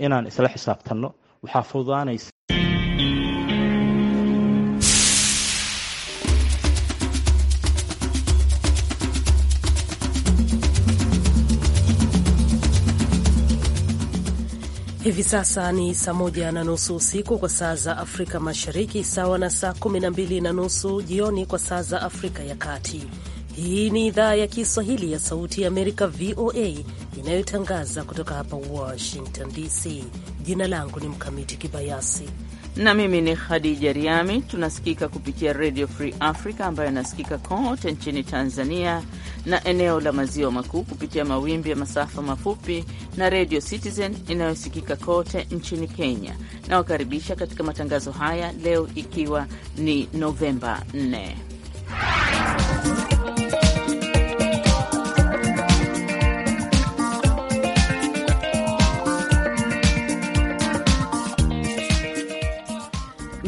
inaan isla xisaabtanno waxaa fududaanaysa Hivi sasa ni saa moja na nusu usiku kwa saa za Afrika Mashariki, sawa na saa kumi na mbili na nusu jioni kwa saa za Afrika ya Kati. Hii ni idhaa ya Kiswahili ya Sauti ya Amerika, VOA, inayotangaza kutoka hapa Washington DC. Jina langu ni Mkamiti Kibayasi na mimi ni Khadija Riami. Tunasikika kupitia Radio Free Africa ambayo inasikika kote nchini Tanzania na eneo la maziwa makuu kupitia mawimbi ya masafa mafupi na Radio Citizen inayosikika kote nchini Kenya. Nawakaribisha katika matangazo haya leo, ikiwa ni Novemba 4.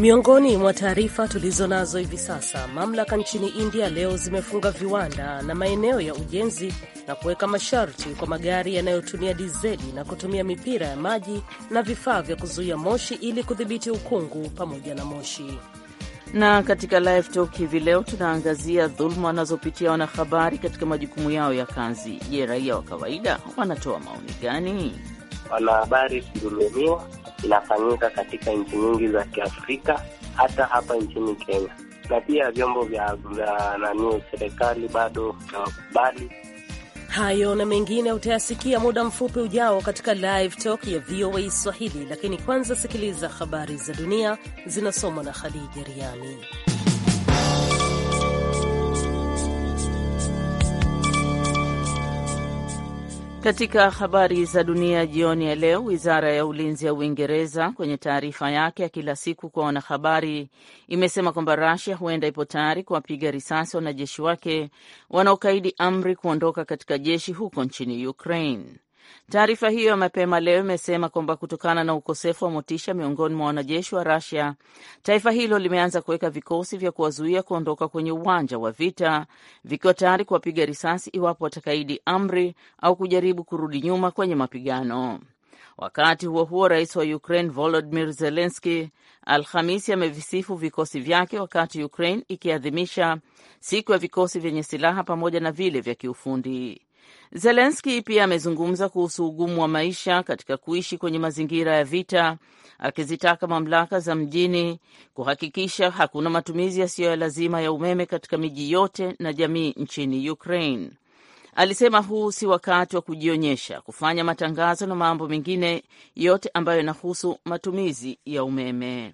Miongoni mwa taarifa tulizo nazo hivi sasa, mamlaka nchini India leo zimefunga viwanda na maeneo ya ujenzi na kuweka masharti kwa magari yanayotumia dizeli na kutumia mipira ya maji na vifaa vya kuzuia moshi ili kudhibiti ukungu pamoja na moshi. Na katika Live Talk hivi leo tunaangazia dhuluma wanazopitia wanahabari katika majukumu yao ya kazi. Je, raia wa kawaida wanatoa maoni gani? Wanahabari kudhulumiwa inafanyika katika nchi nyingi za Kiafrika, hata hapa nchini Kenya, na pia vyombo vya nani, serikali bado hawakubali. Hayo na mengine utayasikia muda mfupi ujao katika Live Talk ya VOA Swahili, lakini kwanza sikiliza habari za dunia zinasomwa na Khadija Riami. Katika habari za dunia jioni ya leo, wizara ya ulinzi ya Uingereza kwenye taarifa yake ya kila siku kwa wanahabari imesema kwamba rasia huenda ipo tayari kuwapiga risasi wanajeshi wake wanaokaidi amri kuondoka katika jeshi huko nchini Ukraine. Taarifa hiyo ya mapema leo imesema kwamba kutokana na ukosefu wa motisha miongoni mwa wanajeshi wa rasia taifa hilo limeanza kuweka vikosi vya kuwazuia kuondoka kwenye uwanja wa vita, vikiwa tayari kuwapiga risasi iwapo watakaidi amri au kujaribu kurudi nyuma kwenye mapigano. Wakati huo huo, rais wa Ukraine volodimir zelenski Alhamisi amevisifu vikosi vyake wakati Ukraine ikiadhimisha siku ya vikosi vyenye silaha pamoja na vile vya kiufundi. Zelenski pia amezungumza kuhusu ugumu wa maisha katika kuishi kwenye mazingira ya vita, akizitaka mamlaka za mjini kuhakikisha hakuna matumizi yasiyo ya lazima ya umeme katika miji yote na jamii nchini Ukraine. Alisema huu si wakati wa kujionyesha, kufanya matangazo na mambo mengine yote ambayo yanahusu matumizi ya umeme.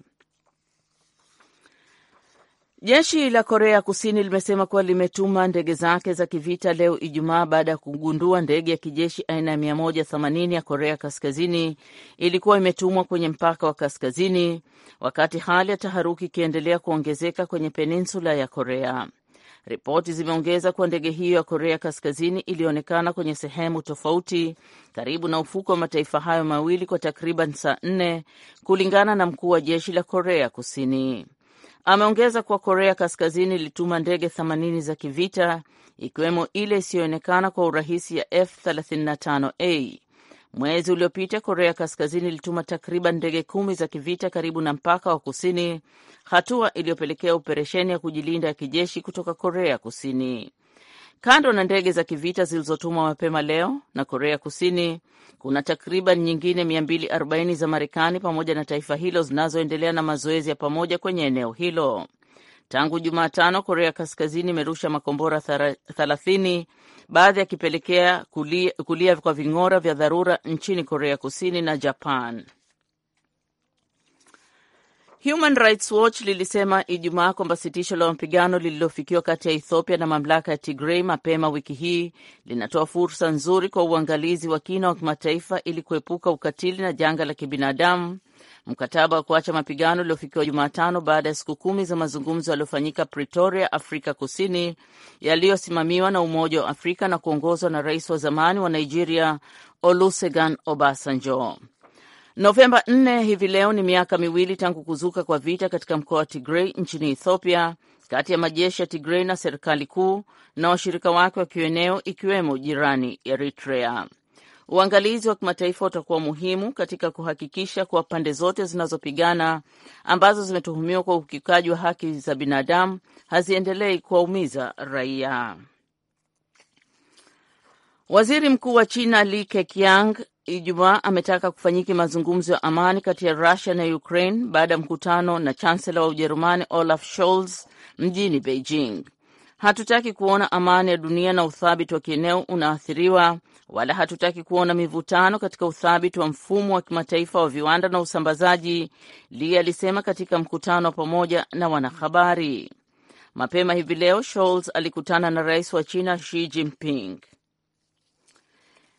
Jeshi la Korea Kusini limesema kuwa limetuma ndege zake za kivita leo Ijumaa baada ya kugundua ndege ya kijeshi aina ya 180 ya Korea Kaskazini ilikuwa imetumwa kwenye mpaka wa kaskazini, wakati hali ya taharuki ikiendelea kuongezeka kwenye peninsula ya Korea. Ripoti zimeongeza kuwa ndege hiyo ya Korea Kaskazini ilionekana kwenye sehemu tofauti karibu na ufuko wa mataifa hayo mawili kwa takriban saa nne, kulingana na mkuu wa jeshi la Korea Kusini. Ameongeza kuwa Korea Kaskazini ilituma ndege 80 za kivita ikiwemo ile isiyoonekana kwa urahisi ya F35A. Mwezi uliopita Korea Kaskazini ilituma takriban ndege kumi za kivita karibu na mpaka wa kusini, hatua iliyopelekea operesheni ya kujilinda ya kijeshi kutoka Korea Kusini. Kando na ndege za kivita zilizotumwa mapema leo na Korea Kusini, kuna takriban nyingine 240 za Marekani pamoja na taifa hilo zinazoendelea na mazoezi ya pamoja kwenye eneo hilo. Tangu Jumatano, Korea Kaskazini imerusha makombora 30 baadhi yakipelekea kulia, kulia kwa ving'ora vya dharura nchini Korea Kusini na Japan. Human Rights Watch lilisema Ijumaa kwamba sitisho la mapigano lililofikiwa kati ya Ethiopia na mamlaka ya Tigrei mapema wiki hii linatoa fursa nzuri kwa uangalizi wa kina wa kimataifa ili kuepuka ukatili na janga la kibinadamu. Mkataba wa kuacha mapigano uliofikiwa Jumatano baada ya siku kumi za mazungumzo yaliyofanyika Pretoria, Afrika Kusini, yaliyosimamiwa na Umoja wa Afrika na kuongozwa na rais wa zamani wa Nigeria Olusegun Obasanjo. Novemba 4 hivi leo ni miaka miwili tangu kuzuka kwa vita katika mkoa wa Tigrei nchini Ethiopia kati ya majeshi ya Tigrei na serikali kuu na washirika wake wa kieneo ikiwemo jirani Eritrea. Uangalizi wa kimataifa utakuwa muhimu katika kuhakikisha kuwa pande zote zinazopigana ambazo zimetuhumiwa kwa ukiukaji wa haki za binadamu haziendelei kuwaumiza raia. Waziri Mkuu wa China Li Keqiang Ijumaa ametaka kufanyika mazungumzo ya amani kati ya Russia na Ukraine baada ya mkutano na chansela wa Ujerumani Olaf Scholz mjini Beijing. Hatutaki kuona amani ya dunia na uthabiti wa kieneo unaathiriwa, wala hatutaki kuona mivutano katika uthabiti wa mfumo wa kimataifa wa viwanda na usambazaji, Li alisema katika mkutano wa pamoja na wanahabari. Mapema hivi leo, Scholz alikutana na rais wa China Xi Jinping.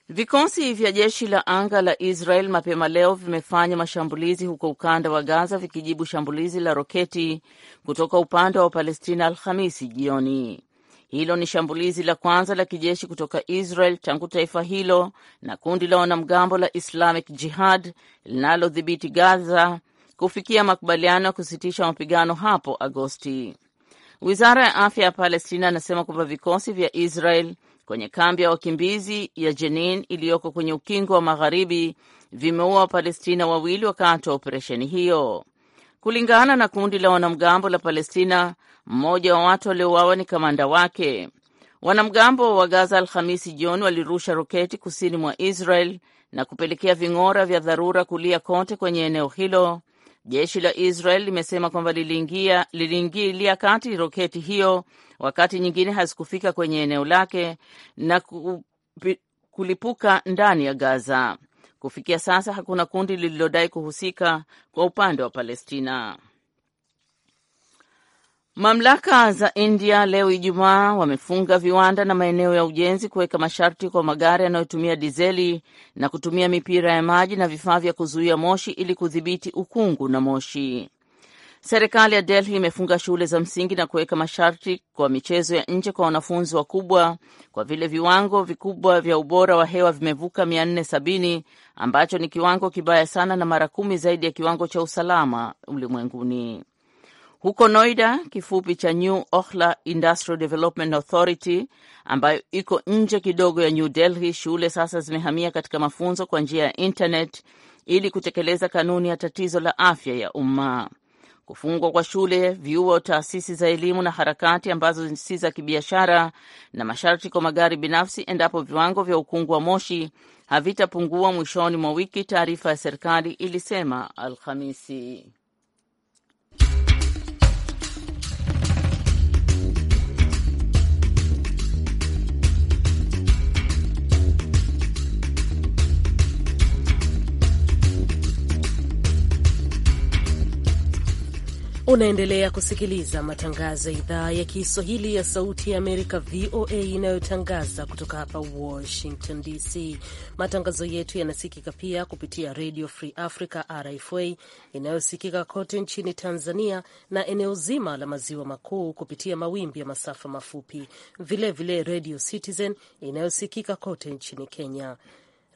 Vikosi vya jeshi la anga la Israel mapema leo vimefanya mashambulizi huko ukanda wa Gaza vikijibu shambulizi la roketi kutoka upande wa Palestina Alhamisi jioni. Hilo ni shambulizi la kwanza la kijeshi kutoka Israel tangu taifa hilo na kundi la wanamgambo la Islamic Jihad linalodhibiti Gaza kufikia makubaliano ya kusitisha mapigano hapo Agosti. Wizara ya afya ya Palestina anasema kwamba vikosi vya Israel kwenye kambi ya wakimbizi ya Jenin iliyoko kwenye ukingo wa magharibi vimeua Wapalestina wawili wakati wa operesheni hiyo. Kulingana na kundi la wanamgambo la Palestina, mmoja wa watu waliouawa ni kamanda wake. Wanamgambo wa Gaza Alhamisi jioni walirusha roketi kusini mwa Israel na kupelekea ving'ora vya dharura kulia kote kwenye eneo hilo. Jeshi la Israel limesema kwamba liliingilia kati roketi hiyo wakati nyingine hazikufika kwenye eneo lake na kulipuka ndani ya Gaza. Kufikia sasa hakuna kundi lililodai kuhusika kwa upande wa Palestina. Mamlaka za India leo Ijumaa wamefunga viwanda na maeneo ya ujenzi kuweka masharti kwa magari yanayotumia dizeli na kutumia mipira ya maji na vifaa vya kuzuia moshi ili kudhibiti ukungu na moshi. Serikali ya Delhi imefunga shule za msingi na kuweka masharti kwa michezo ya nje kwa wanafunzi wakubwa kwa vile viwango vikubwa vya ubora wa hewa vimevuka 470 ambacho ni kiwango kibaya sana na mara kumi zaidi ya kiwango cha usalama ulimwenguni. Huko Noida, kifupi cha New Ohla Industrial Development Authority, ambayo iko nje kidogo ya New Delhi, shule sasa zimehamia katika mafunzo kwa njia ya internet ili kutekeleza kanuni ya tatizo la afya ya umma kufungwa kwa shule, vyuo, taasisi za elimu na harakati ambazo si za kibiashara, na masharti kwa magari binafsi endapo viwango vya ukungu wa moshi havitapungua mwishoni mwa wiki, taarifa ya serikali ilisema Alhamisi. Unaendelea kusikiliza matangazo ya idhaa ya Kiswahili ya Sauti ya Amerika, VOA, inayotangaza kutoka hapa Washington DC. Matangazo yetu yanasikika pia kupitia Radio Free Africa, RFA, inayosikika kote nchini Tanzania na eneo zima la maziwa makuu kupitia mawimbi ya masafa mafupi, vilevile Radio Citizen inayosikika kote nchini Kenya.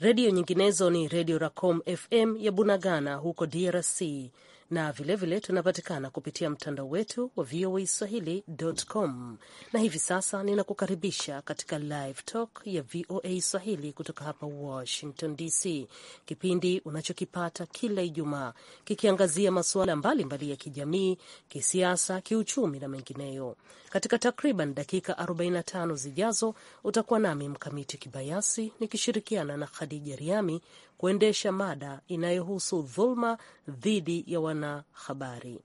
Redio nyinginezo ni Redio Racom FM ya Bunagana huko DRC, na vilevile tunapatikana kupitia mtandao wetu wa VOA Swahili.com. Na hivi sasa ninakukaribisha katika Live Talk ya VOA Swahili kutoka hapa Washington DC, kipindi unachokipata kila Ijumaa kikiangazia masuala mbalimbali ya kijamii, kisiasa, kiuchumi na mengineyo. Katika takriban dakika 45 zijazo utakuwa nami Mkamiti Kibayasi nikishirikiana na Khadija Riami kuendesha mada inayohusu dhulma dhidi ya wanahabari.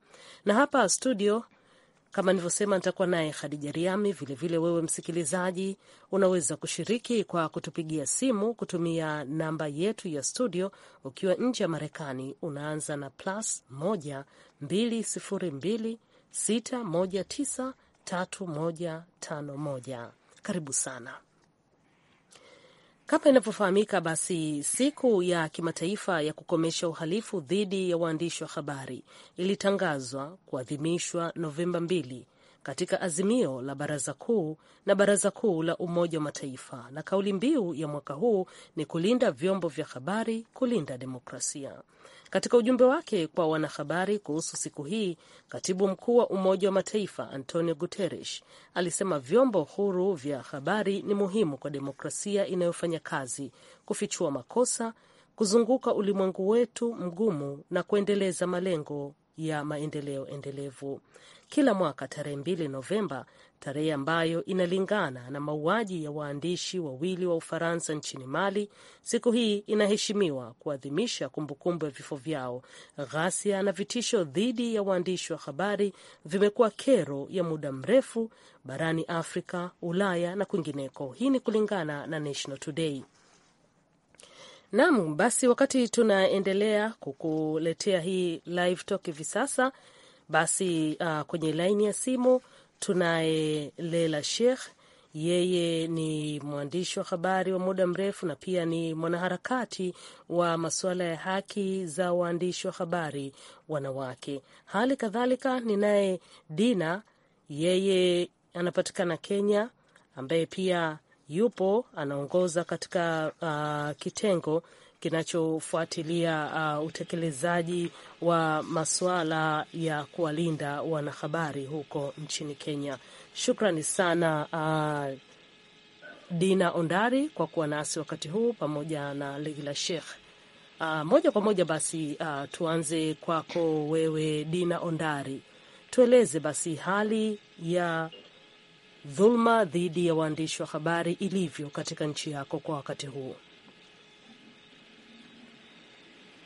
Na hapa studio, kama nilivyosema, nitakuwa naye Khadija Riami. Vilevile wewe msikilizaji, unaweza kushiriki kwa kutupigia simu kutumia namba yetu ya studio. Ukiwa nje ya Marekani unaanza na plus 1 202 619 3151. Karibu sana. Kama inavyofahamika basi, siku ya kimataifa ya kukomesha uhalifu dhidi ya waandishi wa habari ilitangazwa kuadhimishwa Novemba 2 katika azimio la Baraza Kuu na Baraza Kuu la Umoja wa Mataifa, na kauli mbiu ya mwaka huu ni kulinda vyombo vya habari, kulinda demokrasia. Katika ujumbe wake kwa wanahabari kuhusu siku hii, katibu mkuu wa Umoja wa Mataifa Antonio Guterres alisema vyombo huru vya habari ni muhimu kwa demokrasia inayofanya kazi, kufichua makosa, kuzunguka ulimwengu wetu mgumu na kuendeleza malengo ya maendeleo endelevu kila mwaka tarehe 2 Novemba, tarehe ambayo inalingana na mauaji ya waandishi wawili wa Ufaransa nchini Mali. Siku hii inaheshimiwa kuadhimisha kumbukumbu ya vifo vyao. Ghasia na vitisho dhidi ya waandishi wa habari vimekuwa kero ya muda mrefu barani Afrika, Ulaya na kwingineko. Hii ni kulingana na National Today. Nam, basi wakati tunaendelea kukuletea hii live talk hivi sasa, basi uh, kwenye laini ya simu tunaye Leila Sheikh. Yeye ni mwandishi wa habari wa muda mrefu na pia ni mwanaharakati wa masuala ya haki za waandishi wa habari wanawake. Hali kadhalika ninaye Dina, yeye anapatikana Kenya, ambaye pia yupo anaongoza katika uh, kitengo kinachofuatilia uh, utekelezaji wa masuala ya kuwalinda wanahabari huko nchini Kenya. Shukrani sana uh, Dina Ondari kwa kuwa nasi wakati huu pamoja na Leila Sheikh. Uh, moja kwa moja basi uh, tuanze kwako wewe Dina Ondari, tueleze basi hali ya dhulma dhidi ya waandishi wa habari ilivyo katika nchi yako kwa wakati huu.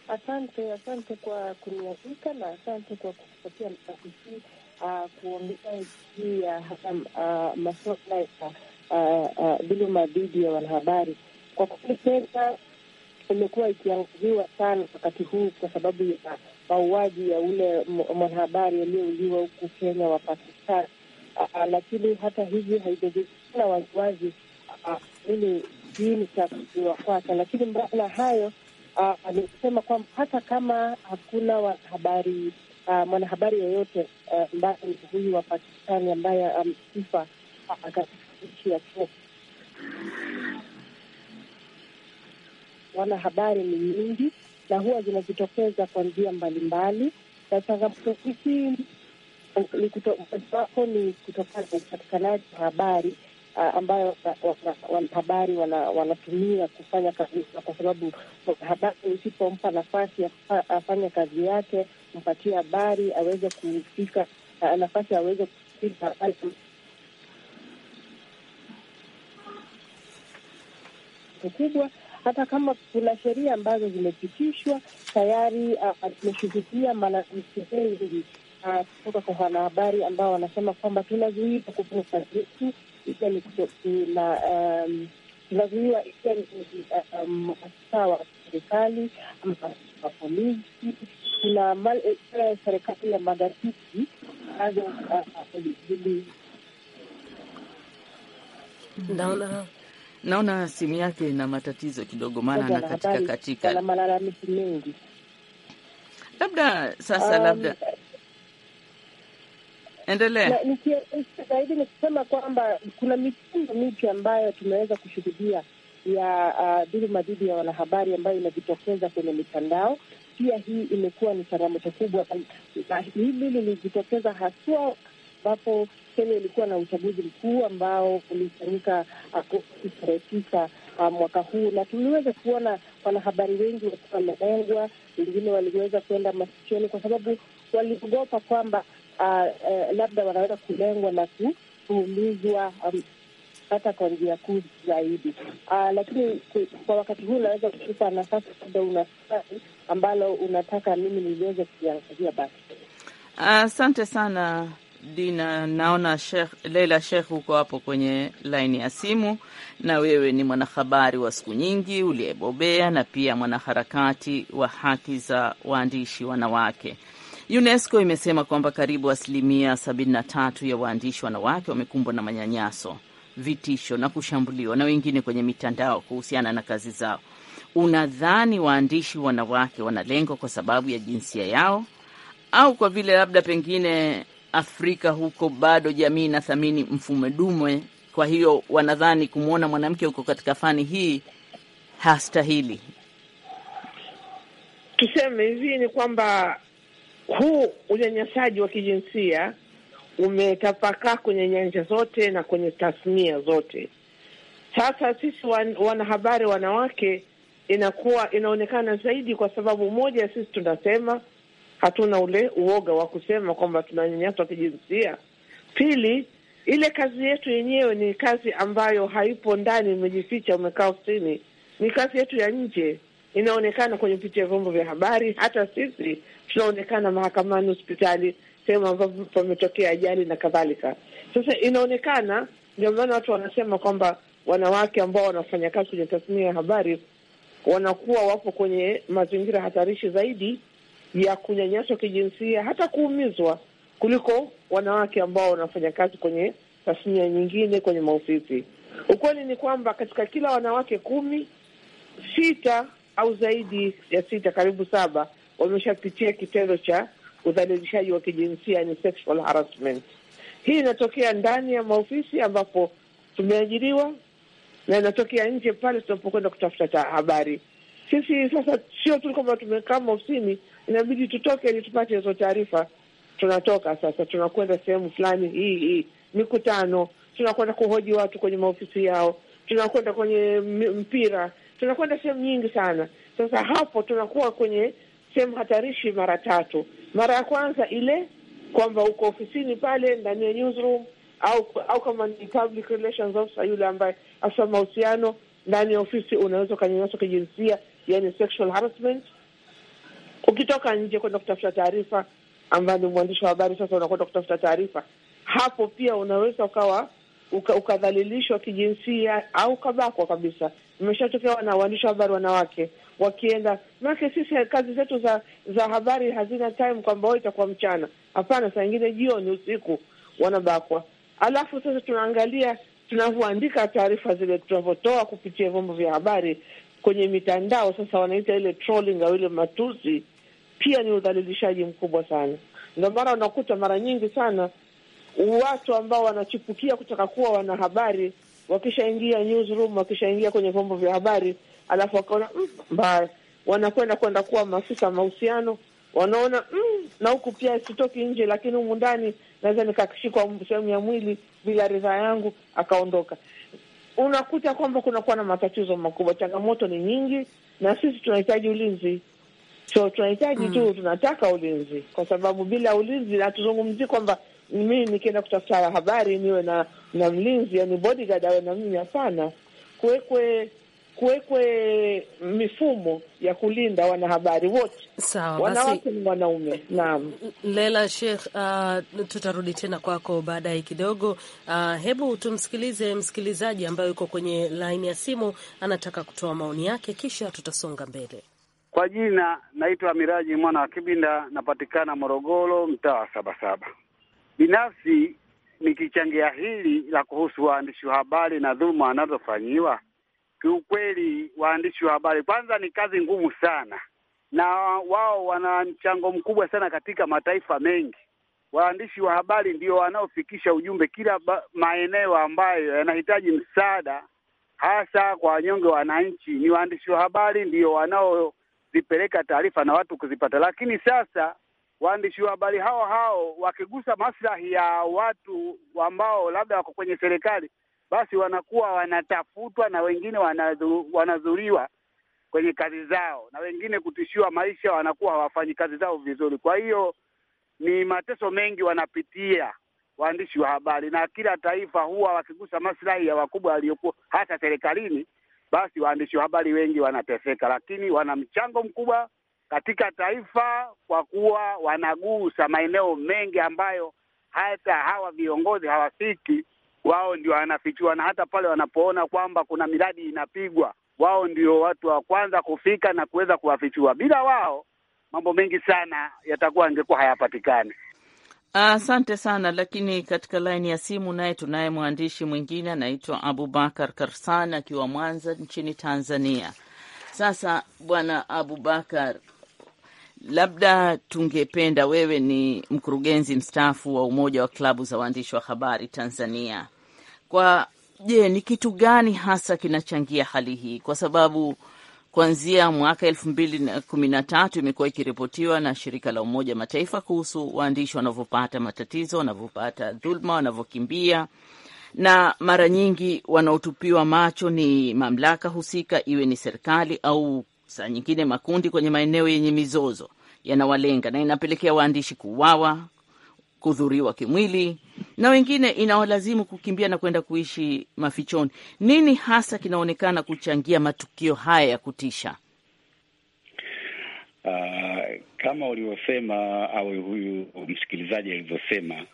Asante, asante kwa kunialika na asante kwa kupatia nafasi hii ah, kuongea juu ya hasa ah, ah, masuala ya dhuluma dhidi ya wanahabari. Kwa kweli, Kenya imekuwa ikiangaziwa sana wakati huu kwa sababu ya mauaji ya ule mwanahabari aliyeuliwa huku Kenya wa Pakistan, lakini hata hivyo haijajulikana waziwazi ili kiini cha kuuliwa kwake, lakini mbali na hayo uh, ah, ni kwamba hata kama hakuna wanahabari uh, ah, mwanahabari yoyote ambaye ah, uh, huyu wa Pakistani ambaye amesifa um, uh, katika nchi ya Kenya, wanahabari ni nyingi na huwa zinajitokeza kwa njia mbalimbali, na changamoto hiki ni kutokana na upatikanaji wa habari Uh, ambayo uh, wanahabari wanatumia kufanya kazi, kwa sababu habari usipompa nafasi afanye kazi yake, mpatie habari aweze kufika uh, nafasi aweze kufika habari kubwa hata kama kuna sheria ambazo zimepitishwa tayari. Tumeshuhudia uh, mengi kutoka kwa wanahabari ambao wanasema kwamba tunazuia kufanya kazi yetu ikiwa ni tunazuiwa, ikiwa ni maafisa wa serikali ama maafisa wa polisi. Kuna eh, eh, serikali ya ambazo eh, naona naona simu yake ina matatizo kidogo, maana na katika katika na mengi, labda sasa, labda endelea. zaidi ni kusema kwamba kuna mitindo mipya ambayo tumeweza kushuhudia ya uh, dhidi ya wanahabari ambayo inajitokeza kwenye mitandao. Pia hii imekuwa ni changamoto kubwa, na hili lilijitokeza haswa ambapo Kenya ilikuwa na uchaguzi mkuu ambao ulifanyika Agosti uh, tarehe tisa uh, mwaka huu, na tuliweza kuona wanahabari wengi wakiwa wamelengwa, wengine waliweza kuenda masichoni kwa sababu waliogopa kwamba uh, uh, labda wanaweza kulengwa na kuumizwa um, hata kwa njia kuu zaidi uh, lakini kwa wakati huu unaweza kutupa nafasi labda una swali ambalo unataka mimi niliweze kuiangazia. Basi ah, asante uh, sana Dina. Naona Sheikh, Leila Sheikh huko hapo kwenye laini ya simu, na wewe ni mwanahabari wa siku nyingi uliyebobea na pia mwanaharakati wa haki za waandishi wanawake. UNESCO imesema kwamba karibu asilimia 73 ya waandishi wanawake wamekumbwa na manyanyaso, vitisho na kushambuliwa na wengine kwenye mitandao kuhusiana na kazi zao. Unadhani waandishi wanawake wanalengwa kwa sababu ya jinsia yao au kwa vile labda pengine Afrika huko bado jamii inathamini mfumo dume, kwa hiyo wanadhani kumwona mwanamke huko katika fani hii hastahili? Tuseme hivi ni kwamba huu unyanyasaji wa kijinsia umetapakaa kwenye nyanja zote na kwenye tasnia zote. Sasa sisi wan, wanahabari wanawake inakuwa inaonekana zaidi, kwa sababu moja, sisi tunasema hatuna ule uoga wa kusema kwamba tunanyanyaswa kijinsia. Pili, ile kazi yetu yenyewe ni kazi ambayo haipo ndani, imejificha, umekaa ofisini, ni kazi yetu ya nje inaonekana kwenye picha ya vyombo vya habari, hata sisi tunaonekana mahakamani, hospitali, sehemu ambapo pametokea ajali na kadhalika. Sasa inaonekana, ndio maana watu wanasema kwamba wanawake ambao wanafanya kazi kwenye tasnia ya habari wanakuwa wapo kwenye mazingira hatarishi zaidi ya kunyanyaswa kijinsia, hata kuumizwa, kuliko wanawake ambao wanafanya kazi kwenye tasnia nyingine, kwenye maofisi. Ukweli ni kwamba katika kila wanawake kumi, sita au zaidi ya sita, karibu saba, wameshapitia kitendo cha udhalilishaji wa kijinsia, ni sexual harassment. Hii inatokea ndani ya maofisi ambapo tumeajiriwa na inatokea nje pale tunapokwenda kutafuta habari. Sisi sasa sio tu kwamba tumekaa maofisini, inabidi tutoke ili tupate hizo taarifa. Tunatoka sasa, tunakwenda sehemu fulani, hii hii mikutano, tunakwenda kuhoji watu kwenye maofisi yao, tunakwenda kwenye mpira tunakwenda sehemu nyingi sana. Sasa hapo tunakuwa kwenye sehemu hatarishi mara tatu. Mara ya kwanza ile kwamba uko ofisini pale ndani ya newsroom, au au kama ni public relations officer, yule ambaye afisa mahusiano ndani ya ofisi, unaweza ukanyanyaswa kijinsia, yani sexual harassment. Ukitoka nje kwenda kutafuta taarifa, ambayo ni mwandishi wa habari, sasa unakwenda kutafuta taarifa, hapo pia unaweza ukawa ukadhalilishwa kijinsia au ukabakwa kabisa. Imeshatokea na waandishi wa habari wanawake wakienda, manake sisi kazi zetu za za habari hazina time kwamba itakuwa mchana. Hapana, saa ingine jioni, usiku wanabakwa. Alafu sasa tunaangalia tunavyoandika taarifa zile, tunavyotoa kupitia vyombo vya habari kwenye mitandao, sasa wanaita ile trolling au ile matusi, pia ni udhalilishaji mkubwa sana. Ndio mara unakuta mara nyingi sana watu ambao wanachipukia kutaka kuwa wanahabari wakishaingia newsroom, wakishaingia kwenye vyombo vya habari, alafu wakaona mm, mbaya, wanakwenda kwenda kuwa maafisa mahusiano, wanaona mm, na huku pia sitoki nje, lakini humu ndani naweza nikashikwa sehemu ya mwili bila ridhaa yangu, akaondoka. Unakuta kwamba kunakuwa na matatizo makubwa, changamoto ni nyingi, na sisi tunahitaji ulinzi so tunahitaji mm, tu tunataka ulinzi, kwa sababu bila ulinzi, hatuzungumzii kwamba mimi nikienda kutafuta habari niwe na na mlinzi, yani bodyguard awe na mimi? Hapana, kuwekwe kuwekwe mifumo ya kulinda wanahabari wote, sawa, wanawake ni wanaume. Naam, Lela Sheikh, uh, tutarudi tena kwako baadaye kidogo. Uh, hebu tumsikilize msikilizaji ambaye yuko kwenye laini ya simu, anataka kutoa maoni yake, kisha tutasonga mbele. Kwa jina naitwa Miraji mwana wa Kibinda, napatikana Morogoro, mtaa wa Sabasaba. Binafsi nikichangia hili la kuhusu waandishi wa habari na dhuluma wanazofanyiwa, kiukweli waandishi wa habari kwanza ni kazi ngumu sana, na wao wana mchango mkubwa sana katika mataifa mengi. Waandishi wa habari ndio wanaofikisha ujumbe kila maeneo ambayo yanahitaji msaada, hasa kwa wanyonge wananchi. Ni waandishi wa habari ndio wanaozipeleka taarifa na watu kuzipata, lakini sasa waandishi wa habari hao hao wakigusa maslahi ya watu ambao labda wako kwenye serikali, basi wanakuwa wanatafutwa na wengine wanadhuriwa kwenye kazi zao, na wengine kutishiwa maisha, wanakuwa hawafanyi kazi zao vizuri. Kwa hiyo ni mateso mengi wanapitia waandishi wa habari, na kila taifa huwa wakigusa maslahi ya wakubwa waliokuwa hasa serikalini, basi waandishi wa habari wengi wanateseka, lakini wana mchango mkubwa katika taifa, kwa kuwa wanagusa maeneo mengi ambayo hata hawa viongozi hawafiki. Wao ndio wanafichua, na hata pale wanapoona kwamba kuna miradi inapigwa, wao ndio watu wa kwanza kufika na kuweza kuwafichua. Bila wao mambo mengi sana yatakuwa angekuwa hayapatikani. Asante ah, sana. Lakini katika laini ya simu naye tunaye mwandishi mwingine anaitwa Abubakar Karsan akiwa Mwanza nchini Tanzania. Sasa Bwana Abubakar, labda tungependa wewe, ni mkurugenzi mstaafu wa Umoja wa Klabu za Waandishi wa Habari Tanzania, kwa je, ni kitu gani hasa kinachangia hali hii? Kwa sababu kuanzia mwaka elfu mbili na kumi na tatu imekuwa ikiripotiwa na shirika la Umoja Mataifa kuhusu waandishi wanavyopata matatizo, wanavyopata dhuluma, wanavyokimbia na mara nyingi wanaotupiwa macho ni mamlaka husika, iwe ni serikali au saa nyingine makundi kwenye maeneo yenye mizozo yanawalenga na inapelekea waandishi kuuawa, kudhuriwa kimwili na wengine inawalazimu kukimbia na kwenda kuishi mafichoni. Nini hasa kinaonekana kuchangia matukio haya ya kutisha? Uh, kama ulivyosema au huyu msikilizaji alivyosema,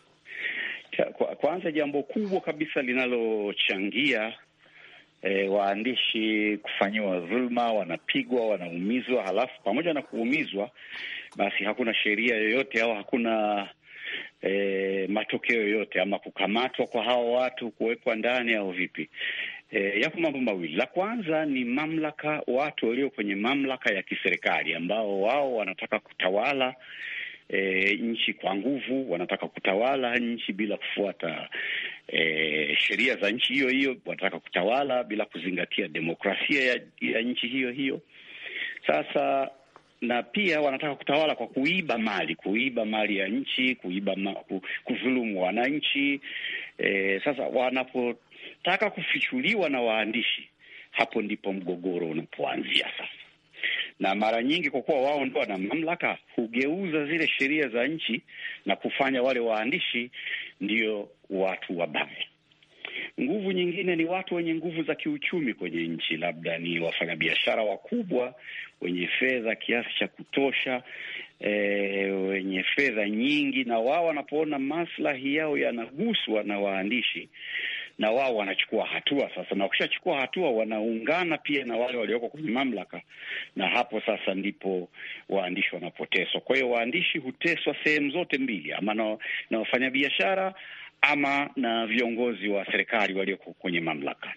kwanza jambo kubwa kabisa linalochangia e, waandishi kufanyiwa dhuluma, wanapigwa, wanaumizwa, halafu pamoja na kuumizwa basi hakuna sheria yoyote au hakuna e, matokeo yoyote ama kukamatwa kwa hawa watu kuwekwa ndani au vipi. E, yapo mambo mawili. La kwanza ni mamlaka, watu walio kwenye mamlaka ya kiserikali ambao wao wanataka kutawala e, nchi kwa nguvu, wanataka kutawala nchi bila kufuata e, sheria za nchi hiyo hiyo, wanataka kutawala bila kuzingatia demokrasia ya, ya nchi hiyo hiyo. Sasa na pia wanataka kutawala kwa kuiba mali, kuiba mali ya nchi, kuiba ma, kudhulumu wananchi. E, sasa wanapotaka kufichuliwa na waandishi, hapo ndipo mgogoro unapoanzia sasa na mara nyingi kwa kuwa wao ndio wana mamlaka, hugeuza zile sheria za nchi na kufanya wale waandishi ndio watu wabaya. Nguvu nyingine ni watu wenye nguvu za kiuchumi kwenye nchi, labda ni wafanyabiashara wakubwa wenye fedha kiasi cha kutosha, e, wenye fedha nyingi, na wao wanapoona maslahi yao yanaguswa na waandishi na wao wanachukua hatua sasa, na wakishachukua hatua wanaungana pia na wale walioko kwenye mamlaka, na hapo sasa ndipo waandishi wanapoteswa. Kwa hiyo waandishi huteswa sehemu zote mbili, ama na, na wafanyabiashara ama na viongozi wa serikali walioko kwenye mamlaka.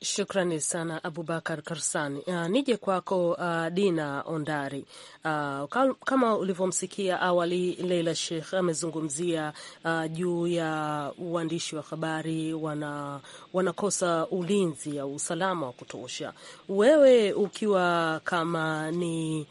Shukrani sana Abubakar Karsani. Uh, nije kwako uh, Dina Ondari. Uh, kama ulivyomsikia awali, Leila Sheikh amezungumzia uh, juu ya uandishi wa habari wana, wanakosa ulinzi au usalama wa kutosha. Wewe ukiwa kama ni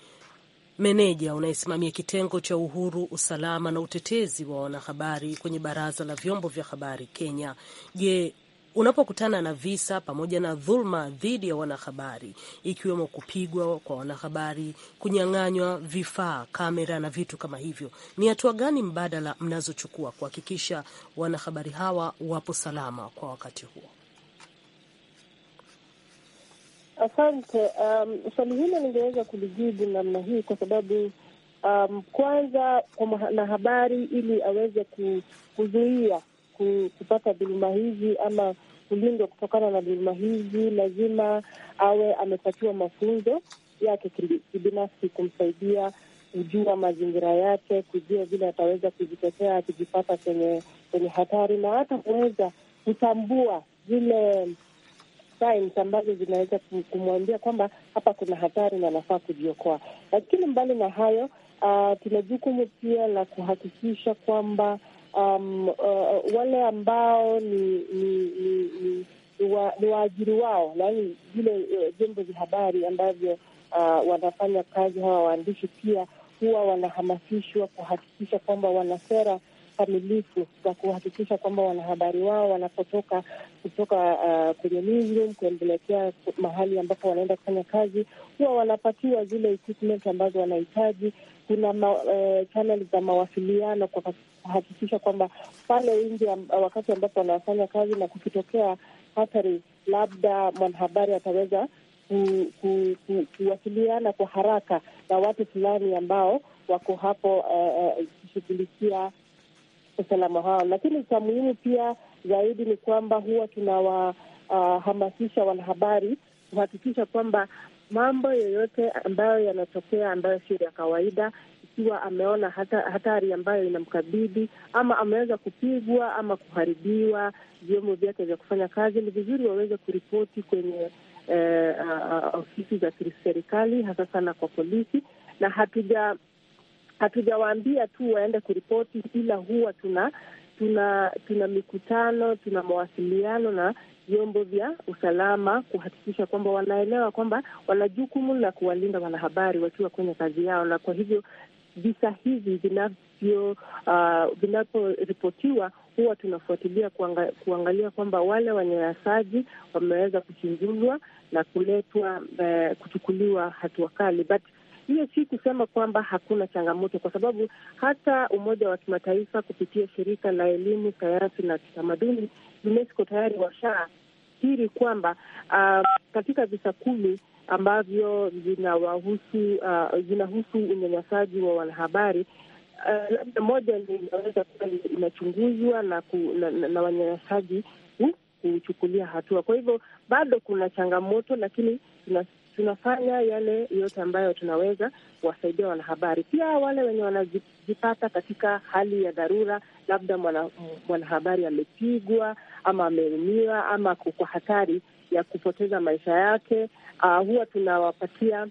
meneja unayesimamia kitengo cha uhuru, usalama na utetezi wa wanahabari kwenye Baraza la Vyombo vya Habari Kenya, je, unapokutana na visa pamoja na dhulma dhidi ya wanahabari, ikiwemo kupigwa kwa wanahabari, kunyang'anywa vifaa, kamera na vitu kama hivyo, ni hatua gani mbadala mnazochukua kuhakikisha wanahabari hawa wapo salama kwa wakati huo? Asante. Um, swali hilo ningeweza kulijibu namna hii kwa sababu um, kwanza kwa mwanahabari ili aweze kuzuia kupata dhuluma hizi ama kulindwa kutokana na dhuluma hizi, lazima awe amepatiwa mafunzo yake kibinafsi kumsaidia kujua mazingira yake, kujua vile ataweza kujitetea akijipata kwenye kwenye hatari, na hata kuweza kutambua zile signs ambazo zinaweza kumwambia kwamba hapa kuna hatari na anafaa kujiokoa. Lakini mbali na hayo, uh, tuna jukumu pia la kuhakikisha kwamba um, uh, wale ambao ni ni ni, ni, ni, wa, ni waajiri wao, yaani vile uh, vyombo uh, vya habari ambavyo uh, wanafanya kazi hawa waandishi pia huwa wanahamasishwa kuhakikisha kwamba wana sera kamilifu za kuhakikisha kwamba wanahabari wao wanapotoka kutoka uh, kwenye newsroom kuendelekea mahali ambapo wanaenda kufanya kazi huwa wanapatiwa zile equipment ambazo wanahitaji. Kuna ma, uh, channel za mawasiliano kwa kuhakikisha kwamba pale nje, uh, wakati ambapo wanafanya kazi, na kukitokea hatari, labda mwanahabari ataweza kuwasiliana ku, ku, ku, kwa haraka na watu fulani ambao wako hapo uh, uh, kushughulikia uh, usalama wao. Lakini cha muhimu pia zaidi ni kwamba huwa tunawahamasisha uh, wanahabari kuhakikisha kwamba mambo yoyote ambayo yanatokea ambayo sio ya kawaida ikiwa ameona hata, hatari ambayo inamkabidhi ama ameweza kupigwa ama kuharibiwa vyombo vyake vya kufanya kazi, ni vizuri waweze kuripoti kwenye eh, ofisi za serikali hasa sana kwa polisi, na hatuja hatujawaambia tu waende kuripoti, ila huwa tuna tuna tuna mikutano, tuna mawasiliano na vyombo vya usalama kuhakikisha kwamba wanaelewa kwamba wana jukumu la kuwalinda wanahabari wakiwa kwenye kazi yao, na kwa hivyo visa hivi vinavyoripotiwa uh, huwa tunafuatilia kuanga, kuangalia kwamba wale wanyanyasaji wameweza kuchunguzwa na kuletwa uh, kuchukuliwa hatua kali but hiyo si kusema kwamba hakuna changamoto, kwa sababu hata Umoja wa Kimataifa kupitia shirika la elimu, sayansi na kitamaduni UNESCO tayari washakiri kwamba uh, katika visa kumi ambavyo zinawahusu uh, zinahusu unyanyasaji wa wanahabari uh, labda uh, moja inaweza kuwa inachunguzwa na, ku, na, na, na wanyanyasaji kuchukulia hatua. Kwa hivyo bado kuna changamoto, lakini tuna, tunafanya yale yote ambayo tunaweza kuwasaidia wanahabari, pia wale wenye wanajipata katika hali ya dharura, labda mwanahabari mwana amepigwa ama ameumiwa ama kwa hatari ya kupoteza maisha yake. Uh, huwa tunawapatia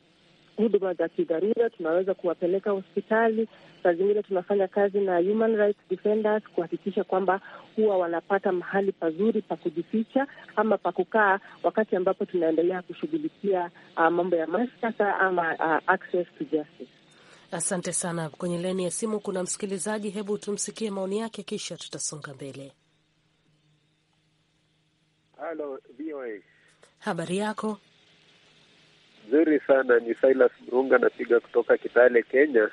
huduma za kidharura, tunaweza kuwapeleka hospitali. Saa zingine tunafanya kazi na human rights defenders kuhakikisha kwamba huwa wanapata mahali pazuri pa kujificha ama pa kukaa, wakati ambapo tunaendelea kushughulikia uh, mambo ya mashtaka ama uh, access to justice. Asante sana. Kwenye laini ya simu kuna msikilizaji, hebu tumsikie maoni yake, kisha tutasonga mbele. Halo VOA, habari yako? Nzuri sana, ni Silas Mrunga, napiga kutoka Kitale, Kenya.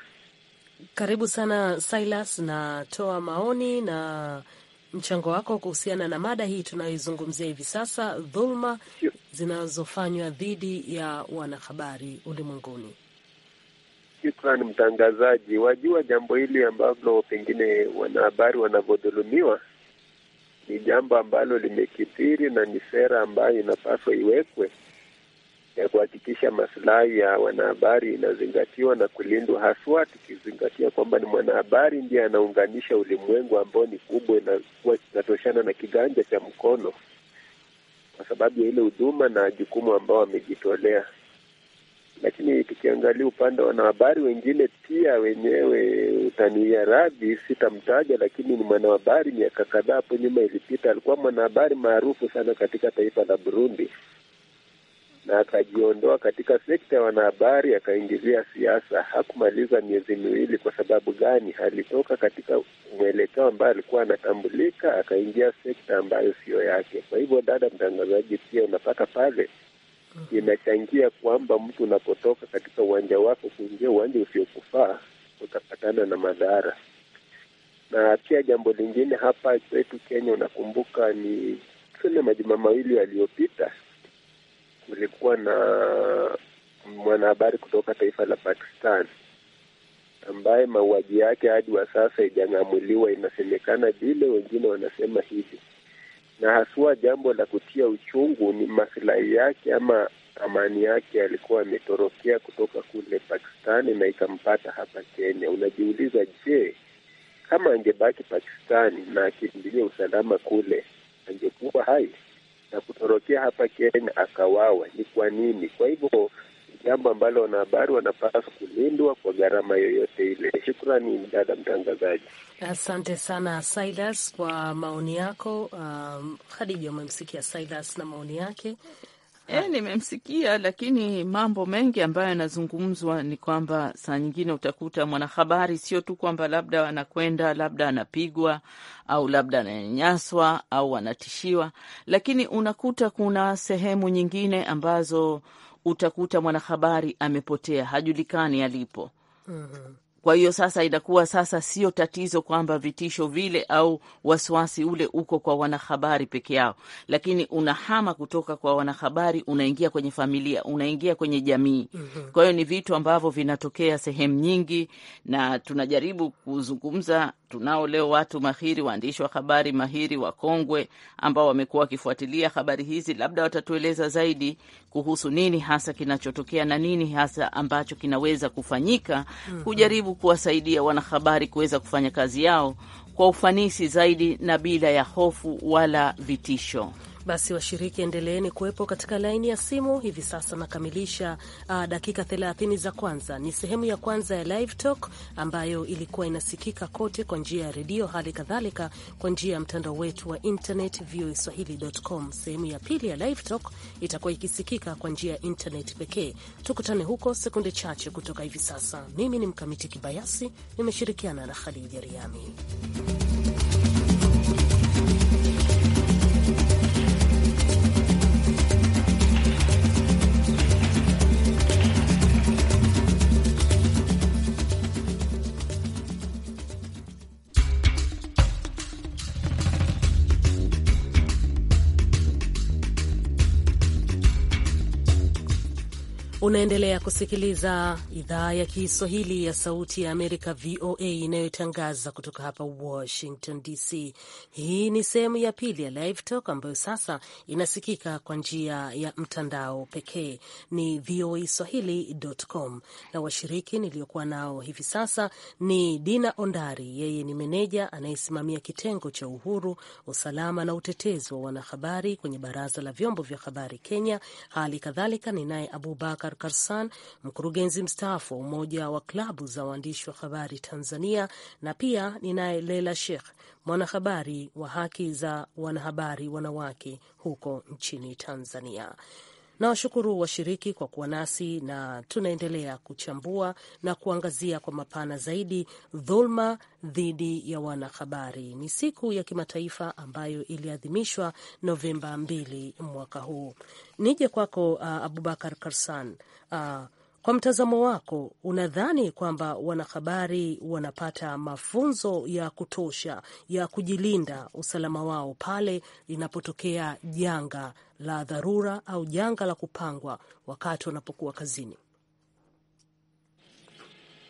Karibu sana Silas, natoa maoni na mchango wako kuhusiana na mada hii tunayoizungumzia hivi sasa, dhulma zinazofanywa dhidi ya wanahabari ulimwenguni. Shukran mtangazaji. Wajua jambo hili ambalo pengine wanahabari wanavyodhulumiwa ni jambo ambalo limekithiri na ni sera ambayo inapaswa iwekwe ya kuhakikisha masilahi ya wanahabari inazingatiwa na kulindwa, haswa tukizingatia kwamba ni mwanahabari ndiye anaunganisha ulimwengu ambao ni kubwa, inakuwa inatoshana na kiganja cha mkono, kwa sababu ya ile huduma na jukumu ambao wamejitolea lakini tukiangalia upande wa wanahabari wengine pia wenyewe, utania radhi, sitamtaja, lakini ni mwanahabari, miaka kadhaa hapo nyuma ilipita, alikuwa mwanahabari maarufu sana katika taifa la Burundi na akajiondoa katika sekta ya wanahabari akaingilia siasa. Hakumaliza miezi miwili. Kwa sababu gani? Alitoka katika mwelekeo ambayo alikuwa anatambulika, akaingia sekta ambayo siyo yake. Kwa hivyo, dada mtangazaji, pia unapata pale Mm-hmm. inachangia kwamba mtu unapotoka katika uwanja wako kuingia uwanja usiokufaa utapatana na madhara. Na pia jambo lingine hapa kwetu Kenya, unakumbuka ni tuseme majuma mawili yaliyopita, kulikuwa na mwanahabari kutoka taifa la Pakistan ambaye mauaji yake hadi wa sasa ijang'amuliwa, inasemekana vile, wengine wanasema hivi na haswa jambo la kutia uchungu ni masilahi yake ama amani yake alikuwa ametorokea kutoka kule Pakistani na ikampata hapa Kenya. Unajiuliza, je, kama angebaki Pakistani na akimbilia usalama kule angekuwa hai na kutorokea hapa Kenya akawawa? Ni kwa nini? Kwa hivyo jambo ambalo wanahabari wanapaswa kulindwa kwa gharama yoyote ile. Shukrani dada mtangazaji, asante sana Silas kwa maoni yako. Um, Khadija, umemsikia Silas na maoni yake. E, nimemsikia lakini mambo mengi ambayo yanazungumzwa ni kwamba saa nyingine utakuta mwanahabari sio tu kwamba labda anakwenda labda anapigwa au labda ananyanyaswa au anatishiwa, lakini unakuta kuna sehemu nyingine ambazo utakuta mwanahabari amepotea, hajulikani alipo. Mm-hmm. Kwa hiyo sasa inakuwa sasa sio tatizo kwamba vitisho vile au wasiwasi ule uko kwa wanahabari peke yao, lakini unahama kutoka kwa wanahabari, unaingia kwenye familia, unaingia kwenye jamii. Mm-hmm. Kwa hiyo ni vitu ambavyo vinatokea sehemu nyingi, na tunajaribu kuzungumza tunao leo watu mahiri, waandishi wa habari mahiri wakongwe, ambao wamekuwa wakifuatilia habari hizi, labda watatueleza zaidi kuhusu nini hasa kinachotokea na nini hasa ambacho kinaweza kufanyika mhm. kujaribu kuwasaidia wanahabari kuweza kufanya kazi yao kwa ufanisi zaidi na bila ya hofu wala vitisho. Basi washiriki, endeleeni kuwepo katika laini ya simu. Hivi sasa nakamilisha uh, dakika 30 za kwanza, ni sehemu ya kwanza ya Live Talk ambayo ilikuwa inasikika kote kwa njia ya redio, hali kadhalika kwa njia ya mtandao wetu wa internet swahili.com. Sehemu ya pili ya Live Talk itakuwa ikisikika kwa njia ya internet pekee. Tukutane huko sekunde chache kutoka hivi sasa. Mimi ni Mkamiti Kibayasi, nimeshirikiana na Khadija Riami. Unaendelea kusikiliza idhaa ya Kiswahili ya Sauti ya Amerika, VOA, inayotangaza kutoka hapa Washington DC. Hii ni sehemu ya pili ya Live Talk ambayo sasa inasikika kwa njia ya mtandao pekee, ni VOA swahili.com, na washiriki niliyokuwa nao hivi sasa ni Dina Ondari, yeye ni meneja anayesimamia kitengo cha uhuru, usalama na utetezi wa wanahabari kwenye Baraza la Vyombo vya Habari Kenya. Hali kadhalika ninaye Abubakar Omar Karsan, mkurugenzi mstaafu wa Umoja wa Klabu za Waandishi wa Habari Tanzania, na pia ninaye Leila Sheikh, mwanahabari wa haki za wanahabari wanawake huko nchini Tanzania. Nawashukuru washiriki kwa kuwa nasi na tunaendelea kuchambua na kuangazia kwa mapana zaidi dhulma dhidi ya wanahabari. Ni siku ya kimataifa ambayo iliadhimishwa Novemba mbili mwaka huu. Nije kwako, uh, Abubakar Karsan. Uh, kwa mtazamo wako, unadhani kwamba wanahabari wanapata mafunzo ya kutosha ya kujilinda usalama wao pale inapotokea janga la dharura au janga la kupangwa wakati wanapokuwa kazini?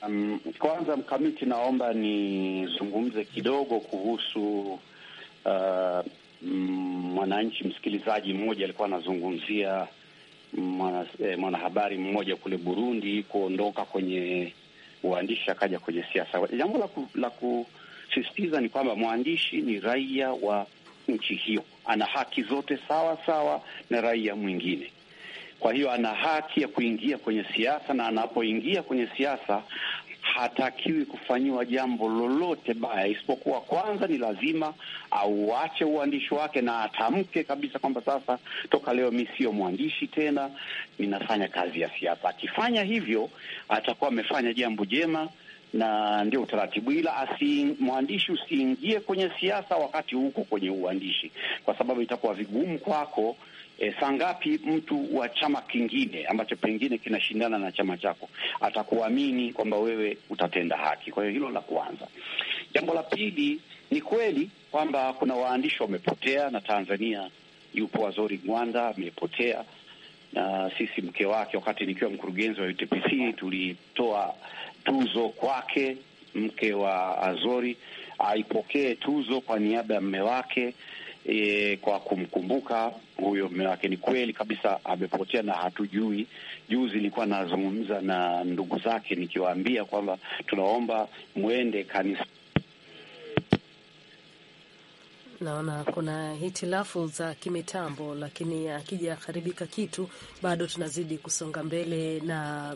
Um, kwanza mkamiti, naomba nizungumze kidogo kuhusu uh, mwananchi msikilizaji mmoja alikuwa anazungumzia Eh, mwanahabari eh, mmoja kule Burundi kuondoka kwenye uandishi akaja kwenye siasa. Jambo la, ku, la kusisitiza ni kwamba mwandishi ni raia wa nchi hiyo, ana haki zote sawa sawa na raia mwingine. Kwa hiyo ana haki ya kuingia kwenye siasa, na anapoingia kwenye siasa hatakiwi kufanyiwa jambo lolote baya, isipokuwa kwanza ni lazima auache uandishi wake na atamke kabisa kwamba sasa, toka leo mi sio mwandishi tena, ninafanya kazi ya siasa. Akifanya hivyo atakuwa amefanya jambo jema na ndio utaratibu, ila asi mwandishi usiingie kwenye siasa wakati huko kwenye uandishi, kwa sababu itakuwa vigumu kwako E, saa ngapi mtu wa chama kingine ambacho pengine kinashindana na chama chako atakuamini kwamba wewe utatenda haki? Kwa hiyo hilo la kwanza. Jambo la pili, ni kweli kwamba kuna waandishi wamepotea, na Tanzania yupo Azori Gwanda amepotea, na sisi mke wake, wakati nikiwa mkurugenzi wa UTPC tulitoa tuzo kwake, mke wa Azori aipokee tuzo kwa niaba ya mme wake. E, kwa kumkumbuka huyo mume wake. Ni kweli kabisa amepotea na hatujui. Juzi ilikuwa nazungumza na ndugu zake nikiwaambia kwamba tunaomba mwende kanisa. Naona kuna hitilafu za kimitambo, lakini akijaharibika kitu bado tunazidi kusonga mbele na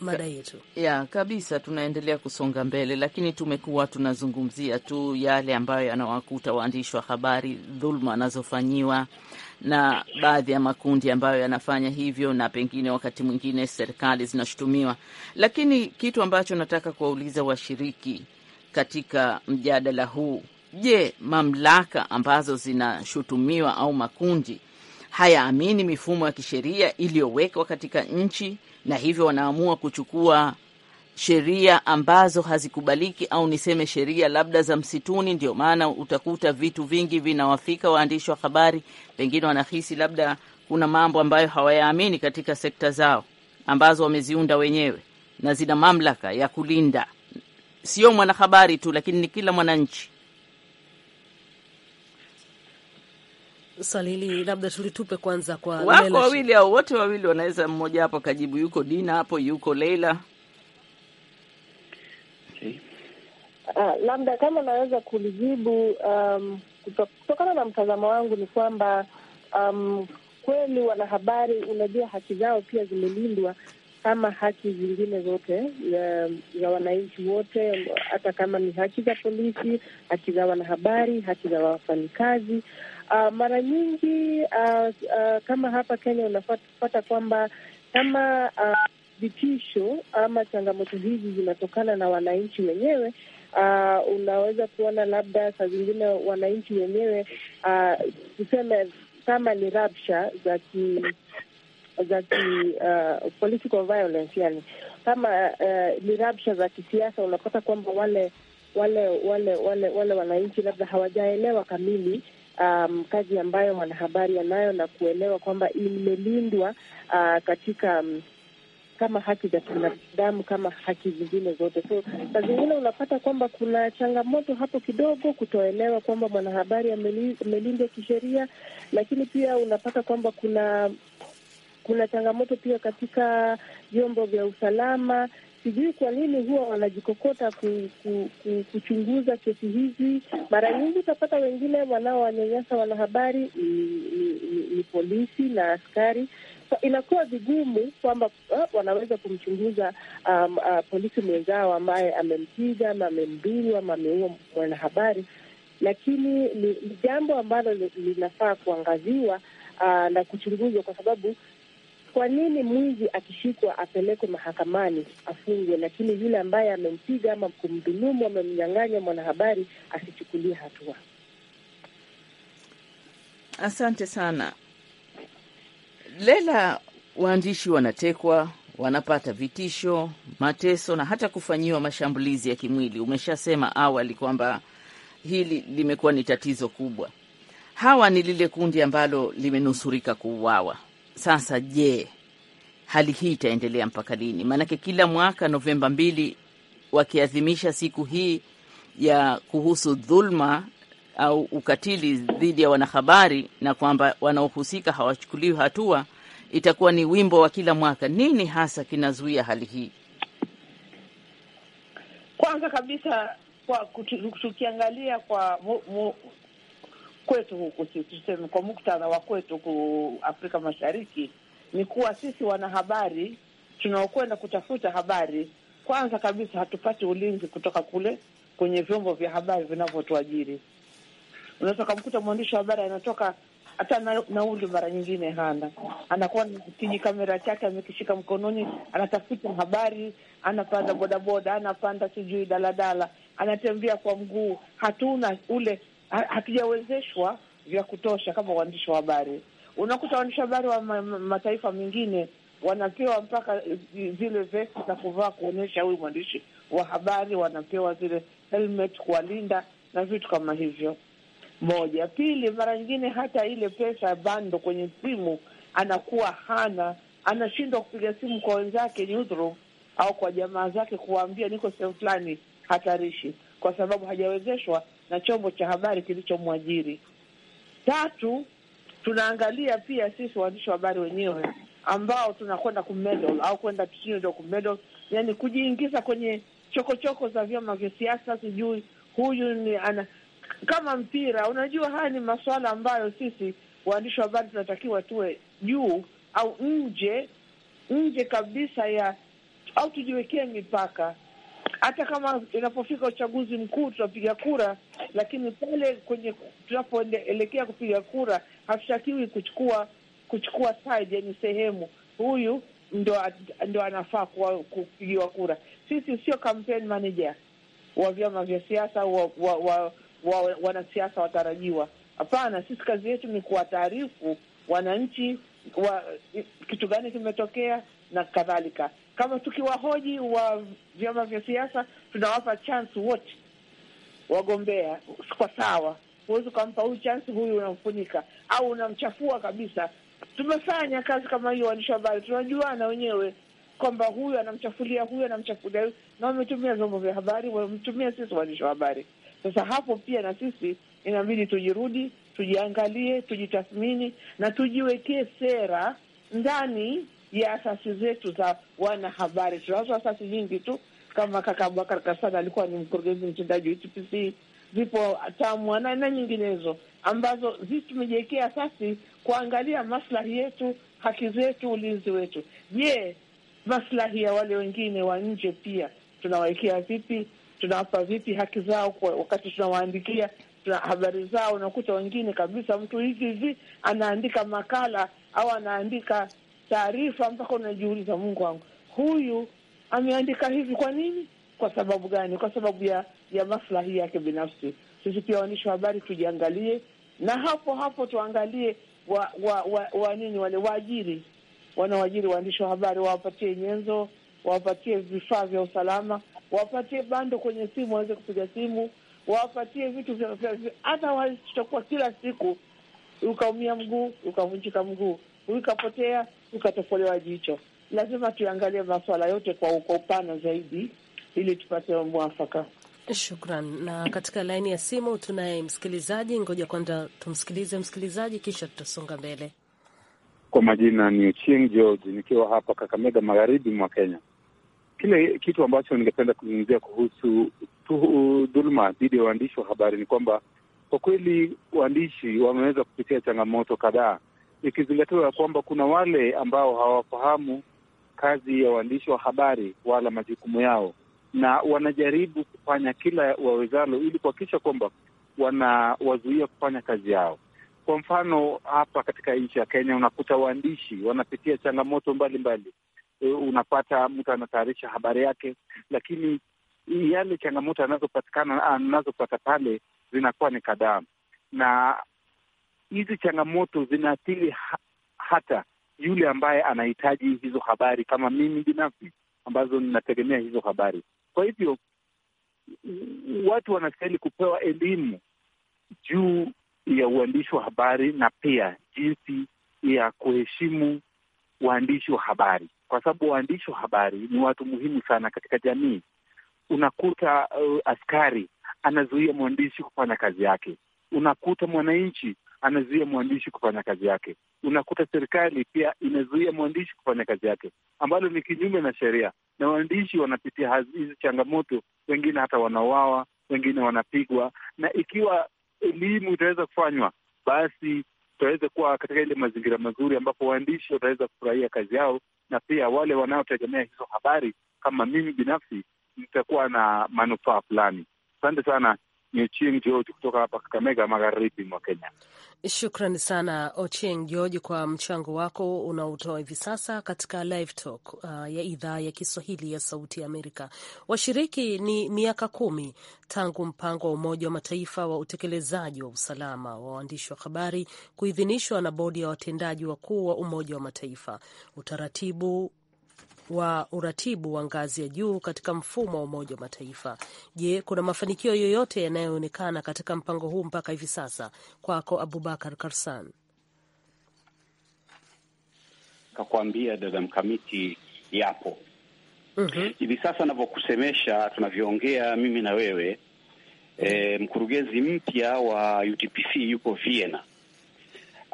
mada yetu ya kabisa, tunaendelea kusonga mbele, lakini tumekuwa tunazungumzia tu yale ambayo yanawakuta waandishi wa habari, dhuluma anazofanyiwa na baadhi ya makundi ambayo yanafanya hivyo, na pengine wakati mwingine serikali zinashutumiwa. Lakini kitu ambacho nataka kuwauliza washiriki katika mjadala huu, je, mamlaka ambazo zinashutumiwa au makundi hayaamini mifumo ya kisheria iliyowekwa katika nchi na hivyo wanaamua kuchukua sheria ambazo hazikubaliki au niseme sheria labda za msituni. Ndio maana utakuta vitu vingi vinawafika waandishi wa habari, pengine wanahisi labda kuna mambo ambayo hawayaamini katika sekta zao ambazo wameziunda wenyewe na zina mamlaka ya kulinda sio mwanahabari tu, lakini ni kila mwananchi. Salili, labda tulitupe kwanza kwa wako wawili au wote wawili, wanaweza mmoja hapo kajibu. Yuko Dina hapo, yuko Leila. Uh, labda kama naweza kulijibu um, kutokana na mtazamo wangu ni kwamba um, kweli wanahabari, unajua haki zao pia zimelindwa kama haki zingine zote za wananchi wote, hata kama ni haki za polisi, haki za wanahabari, haki za wafanyikazi. Uh, mara nyingi uh, uh, kama hapa Kenya unapata kwamba kama uh, vitisho ama changamoto hizi zinatokana na wananchi wenyewe uh, unaweza kuona labda saa zingine wananchi wenyewe uh, tuseme kama ni rabsha za ki za ki uh, political violence yani kama uh, ni rabsha za kisiasa, unapata kwamba wale wale wale wale wale wananchi labda hawajaelewa kamili um, kazi ambayo mwanahabari anayo na kuelewa kwamba imelindwa uh, katika um, kama haki za binadamu kama haki zingine zote. So saa zingine unapata kwamba kuna changamoto hapo kidogo, kutoelewa kwamba mwanahabari amelindwa kisheria, lakini pia unapata kwamba kuna kuna changamoto pia katika vyombo vya usalama sijui kwa nini huwa wanajikokota ku, ku, ku, kuchunguza kesi hizi. Mara nyingi utapata wengine wanaowanyanyasa wanahabari ni, ni, ni, ni polisi na askari so, inakuwa vigumu kwamba uh, wanaweza kumchunguza um, uh, polisi mwenzao ambaye amempiga ama amemdhuru ama ameua mwanahabari, lakini ni jambo ambalo linafaa kuangaziwa uh, na kuchunguzwa kwa sababu kwa nini mwizi akishikwa apelekwe mahakamani afungwe, lakini yule ambaye amempiga ama kumdhulumu amemnyang'anya mwanahabari asichukulie hatua? Asante sana Lela. Waandishi wanatekwa, wanapata vitisho, mateso na hata kufanyiwa mashambulizi ya kimwili. Umeshasema awali kwamba hili limekuwa ni tatizo kubwa. Hawa ni lile kundi ambalo limenusurika kuuawa sasa je, hali hii itaendelea mpaka lini? Maanake kila mwaka Novemba mbili wakiadhimisha siku hii ya kuhusu dhulma au ukatili dhidi ya wanahabari na kwamba wanaohusika hawachukuliwi hatua, itakuwa ni wimbo wa kila mwaka. Nini hasa kinazuia hali hii? Kwanza kabisa kwa tukiangalia kwa kwetu huku, tuseme kwa muktadha wa kwetu ku Afrika Mashariki, ni kuwa sisi wanahabari tunaokwenda kutafuta habari, kwanza kabisa hatupati ulinzi kutoka kule kwenye vyombo vya habari vinavyotuajiri. Unaweza ukamkuta mwandishi wa habari anatoka hata na, nauli mara nyingine hana, anakuwa kamera chake amekishika mkononi, anatafuta habari, anapanda bodaboda, anapanda sijui daladala, anatembea kwa mguu. Hatuna ule hatujawezeshwa vya kutosha kama waandishi wa habari. Unakuta waandishi wa habari wa ma, ma, mataifa mengine wanapewa mpaka eh, zile vesti za kuvaa kuonyesha huyu mwandishi wa habari, wanapewa zile helmet kuwalinda na vitu kama hivyo. Moja, pili, mara nyingine hata ile pesa ya bando kwenye simu anakuwa hana, anashindwa kupiga simu kwa wenzake nyudhuru, au kwa jamaa zake kuwaambia niko sehemu fulani hatarishi, kwa sababu hajawezeshwa na chombo cha habari kilichomwajiri. Tatu, tunaangalia pia sisi waandishi wa habari wenyewe ambao tunakwenda kumedal au kwenda tusio ndio kumedal, yani kujiingiza kwenye chokochoko choko za vyama vya siasa, sijui huyu ni ana kama mpira. Unajua, haya ni masuala ambayo sisi waandishi wa habari tunatakiwa tuwe juu au nje nje kabisa ya au tujiwekee mipaka hata kama inapofika uchaguzi mkuu tunapiga kura, lakini pale kwenye tunapoelekea kupiga kura hatutakiwi kuchukua kuchukua side, yani sehemu huyu ndo, ndo anafaa kupigiwa kura. Sisi sio campaign manager wa vyama vya siasa au wa, wa, wa, wa wanasiasa watarajiwa. Hapana, sisi kazi yetu ni kuwataarifu wananchi wa kitu gani kimetokea na kadhalika kama tukiwahoji wa vyama vya siasa tunawapa chance wote wagombea kwa sawa. Huwezi ukampa huyu chance, huyu unamfunika au unamchafua kabisa. Tumefanya kazi kama hiyo, waandishi wa habari tunajuana wenyewe kwamba huyu anamchafulia huyu anamchafulia, na wametumia vyombo vya habari, wametumia sisi waandishi wa habari. Sasa hapo pia na sisi inabidi tujirudi, tujiangalie, tujitathmini na tujiwekee sera ndani ya asasi zetu za wanahabari. Tunazo asasi nyingi tu, kama kaka Abubakar Kasana alikuwa ni mkurugenzi mtendaji wa UTPC, zipo TAMWA na nyinginezo ambazo zi tumejiwekea asasi kuangalia maslahi yetu, haki zetu, ulinzi wetu. Je, maslahi ya wale wengine wa nje pia tunawawekea vipi? Tunawapa vipi haki zao? Kwa wakati tunawaandikia tuna habari zao, unakuta wengine kabisa, mtu hivi hivi anaandika makala au anaandika taarifa mpaka unajiuliza, Mungu wangu, huyu ameandika hivi kwa nini? Kwa sababu gani? Kwa sababu ya ya maslahi yake binafsi. Sisi pia waandishi wa habari tujiangalie, na hapo hapo tuangalie wa, wa, wa, wa nini wale waajiri wanaoajiri waandishi wa habari wawapatie nyenzo, wawapatie vifaa vya usalama, wawapatie bando kwenye simu waweze kupiga simu, wawapatie vitu vya hata. Tutakuwa kila siku ukaumia mguu, ukavunjika mguu, huyu ukatofolewa jicho. Lazima tuangalie masuala yote kwa uko upana zaidi ili tupate mwafaka. Shukran. Na katika laini ya simu tunaye msikilizaji, ngoja kwanza tumsikilize msikilizaji, kisha tutasonga mbele. Kwa majina ni Uchieng George, nikiwa hapa Kakamega, magharibi mwa Kenya. Kile kitu ambacho ningependa kuzungumzia kuhusu dhuluma dhidi ya waandishi wa habari ni kwamba kwa kweli waandishi wameweza kupitia changamoto kadhaa ikizingatiwa ya kwamba kuna wale ambao hawafahamu kazi ya waandishi wa habari wala majukumu yao, na wanajaribu kufanya kila wawezalo ili kuhakikisha kwamba wanawazuia kufanya kazi yao. Kwa mfano, hapa katika nchi ya Kenya unakuta waandishi wanapitia changamoto mbalimbali mbali. E, unapata mtu anatayarisha habari yake, lakini yale changamoto anazopatikana anazopata pale zinakuwa ni kadhaa, na hizi changamoto zinaathiri ha hata yule ambaye anahitaji hizo habari kama mimi binafsi ambazo ninategemea hizo habari. Kwa hivyo watu wanastahili kupewa elimu juu ya uandishi wa habari na pia jinsi ya kuheshimu waandishi wa habari, kwa sababu waandishi wa habari ni watu muhimu sana katika jamii. Unakuta uh, askari anazuia mwandishi kufanya kazi yake. Unakuta mwananchi anazuia mwandishi kufanya kazi yake. Unakuta serikali pia inazuia mwandishi kufanya kazi yake, ambalo ni kinyume na sheria, na waandishi wanapitia hizi changamoto, wengine hata wanauawa, wengine wanapigwa. Na ikiwa elimu itaweza kufanywa, basi tutaweza kuwa katika ile mazingira mazuri ambapo waandishi wataweza kufurahia kazi yao, na pia wale wanaotegemea hizo habari kama mimi binafsi nitakuwa na manufaa fulani. Asante sana ni Ochieng George kutoka hapa Kakamega, magharibi mwa Kenya. Shukrani sana Ochieng George kwa mchango wako unaotoa hivi sasa katika Live Talk uh, ya idhaa ya Kiswahili ya Sauti ya Amerika. Washiriki, ni miaka kumi tangu mpango wa Umoja wa Mataifa wa utekelezaji wa usalama wa waandishi wa habari kuidhinishwa na bodi ya watendaji wakuu wa Umoja wa Mataifa. Utaratibu wa uratibu wa ngazi ya juu katika mfumo wa Umoja wa Mataifa. Je, kuna mafanikio yoyote yanayoonekana katika mpango huu mpaka hivi sasa? Kwako Abubakar Karsan. Kakuambia dada Mkamiti, yapo mm -hmm. Hivi sasa navyokusemesha, tunavyoongea mimi na wewe, e, mkurugenzi mpya wa UTPC yuko Vienna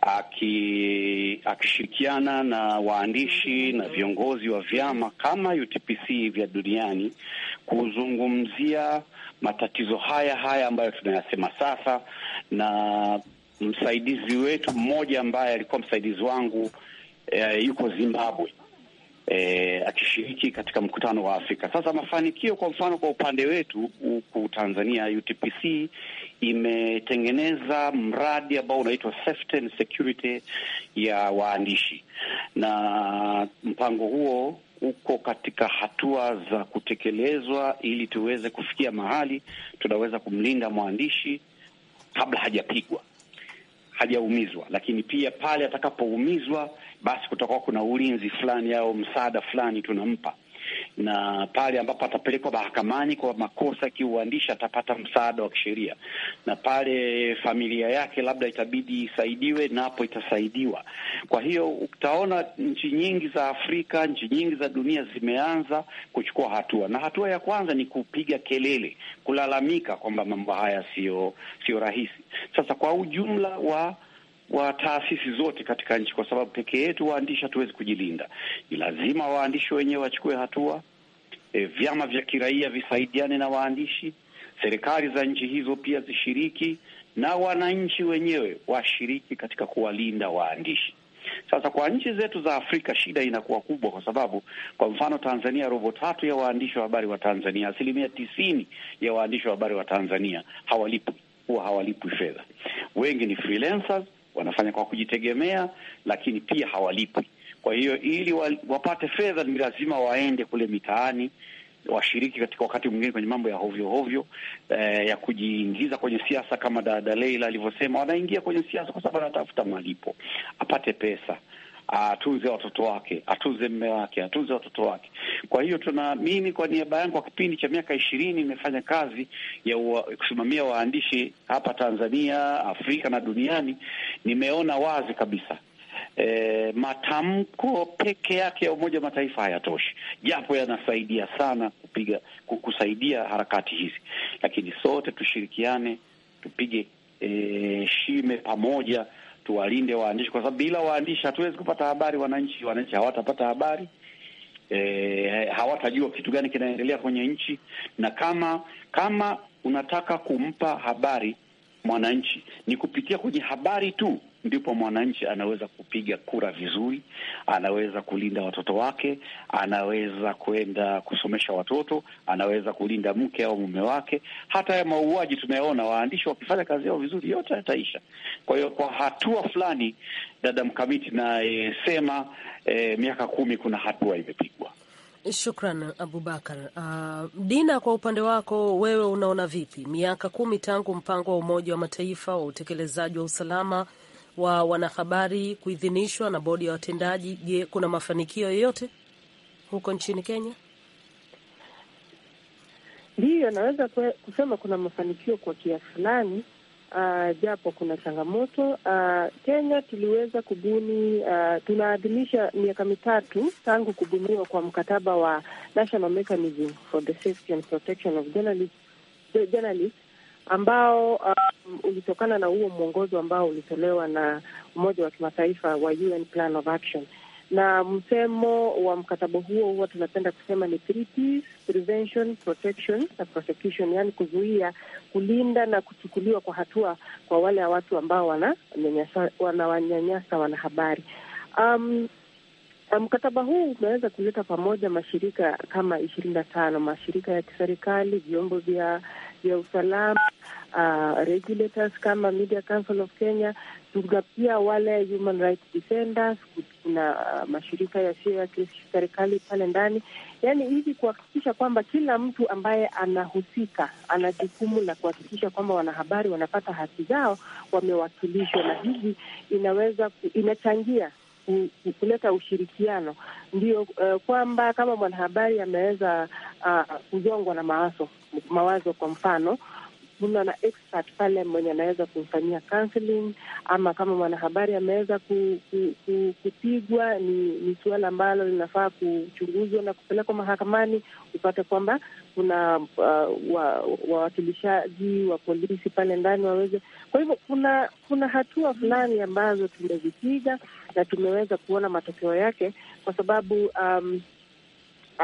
aki, akishirikiana na waandishi na viongozi wa vyama kama UTPC vya duniani kuzungumzia matatizo haya haya ambayo tunayasema sasa, na msaidizi wetu mmoja ambaye alikuwa msaidizi wangu e, yuko Zimbabwe eh, akishiriki katika mkutano wa Afrika. Sasa mafanikio, kwa mfano, kwa upande wetu huku Tanzania, UTPC imetengeneza mradi ambao unaitwa Safety and Security ya waandishi, na mpango huo uko katika hatua za kutekelezwa ili tuweze kufikia mahali tunaweza kumlinda mwandishi kabla hajapigwa, hajaumizwa, lakini pia pale atakapoumizwa basi kutakuwa kuna ulinzi fulani au msaada fulani tunampa, na pale ambapo atapelekwa mahakamani kwa makosa ya kiuandishi atapata msaada wa kisheria, na pale familia yake labda itabidi isaidiwe, napo itasaidiwa. Kwa hiyo utaona nchi nyingi za Afrika, nchi nyingi za dunia zimeanza kuchukua hatua, na hatua ya kwanza ni kupiga kelele, kulalamika kwamba mambo haya sio sio rahisi. Sasa kwa ujumla wa wa taasisi zote katika nchi, kwa sababu pekee yetu waandishi hatuwezi kujilinda. Ni lazima waandishi wenyewe wachukue hatua, e, vyama vya kiraia visaidiane na waandishi, serikali za nchi hizo pia zishiriki, na wananchi wenyewe washiriki katika kuwalinda waandishi. Sasa kwa nchi zetu za Afrika shida inakuwa kubwa, kwa sababu kwa mfano Tanzania, robo tatu ya waandishi wa habari wa Tanzania, asilimia tisini ya waandishi wa habari wa Tanzania hawalipwi, huwa hawalipwi fedha. Wengi ni freelancers wanafanya kwa kujitegemea, lakini pia hawalipwi. Kwa hiyo ili wapate fedha ni lazima waende kule mitaani washiriki katika wakati mwingine kwenye mambo ya hovyo hovyo, eh, ya kujiingiza kwenye siasa kama dada Leila alivyosema, wanaingia kwenye siasa kwa sababu anatafuta malipo apate pesa atunze watoto wake, atunze mme wake, atunze watoto wake. Kwa hiyo tunaamini, kwa niaba yangu, kwa kipindi cha miaka ishirini nimefanya kazi ya uwa, kusimamia waandishi hapa Tanzania, Afrika na duniani. Nimeona wazi kabisa E, matamko peke yake ya Umoja wa Mataifa hayatoshi, japo yanasaidia sana kupiga kusaidia harakati hizi, lakini sote tushirikiane, tupige e, shime pamoja tuwalinde waandishi, kwa sababu bila waandishi hatuwezi kupata habari wananchi. Wananchi hawatapata habari e, hawatajua kitu gani kinaendelea kwenye nchi, na kama kama unataka kumpa habari mwananchi ni kupitia kwenye habari tu ndipo mwananchi anaweza kupiga kura vizuri, anaweza kulinda watoto wake, anaweza kwenda kusomesha watoto, anaweza kulinda mke au mume wake. Hata ya mauaji tunayoona waandishi wakifanya kazi yao vizuri, yote yataisha. Kwa hiyo kwa hatua fulani, dada mkamiti nayesema e, miaka kumi, kuna hatua imepigwa. Shukran Abubakar. Uh, Dina, kwa upande wako wewe unaona vipi miaka kumi tangu mpango wa Umoja wa Mataifa wa utekelezaji wa usalama wa wanahabari kuidhinishwa na bodi ya watendaji. Je, kuna mafanikio yoyote huko nchini Kenya? Ndiyo, naweza kusema kuna mafanikio kwa kiasi fulani, uh, japo kuna changamoto uh, Kenya tuliweza kubuni uh, tunaadhimisha miaka mitatu tangu kubuniwa kwa mkataba wa National Mechanism for the Safety and Protection of Journalists, journalists ambao um, ulitokana na huo mwongozo ambao ulitolewa na Umoja wa Kimataifa wa UN Plan of Action, na msemo wa mkataba huo huwa tunapenda kusema ni three P's, prevention, protection na prosecution, yaani kuzuia, kulinda na kuchukuliwa kwa hatua kwa wale watu ambao wanawanyanyasa wanahabari um, um, Mkataba huu umeweza kuleta pamoja mashirika kama ishirini na tano mashirika ya kiserikali, vyombo vya ya usalama uh, regulators kama Media Council of Kenya. Tuna pia wale human rights defenders, kuna uh, mashirika yasiyo ya kiserikali pale ndani, yani hivi kuhakikisha kwamba kila mtu ambaye anahusika ana jukumu la kuhakikisha kwamba wanahabari wanapata haki zao, wamewakilishwa, na hivi inaweza inachangia kuleta ushirikiano, ndio uh, kwamba kama mwanahabari ameweza uh, ah, kujongwa na mawazo mawazo, kwa mfano kuna na expert pale mwenye anaweza kumfanyia counseling, ama kama mwanahabari ameweza ku, ku, ku, kupigwa, ni, ni suala ambalo linafaa kuchunguzwa na kupelekwa mahakamani, upate kwamba kuna uh, wawakilishaji wa, wa polisi pale ndani waweze. Kwa hivyo kuna kuna hatua fulani ambazo tumezipiga na tumeweza kuona matokeo yake kwa sababu um,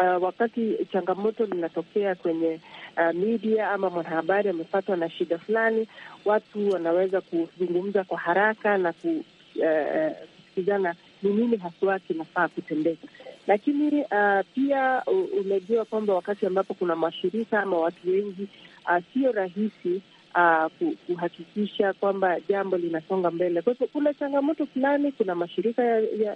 Uh, wakati changamoto linatokea kwenye uh, media ama mwanahabari amepatwa na shida fulani, watu wanaweza kuzungumza kwa haraka na uh, kusikizana uh, ni nini haswa kinafaa kutendeka. Lakini uh, pia umejua kwamba wakati ambapo kuna mashirika ama watu wengi, uh, sio rahisi uh, kuhakikisha kwamba jambo linasonga mbele. Kwa hivyo kuna changamoto fulani, kuna mashirika ya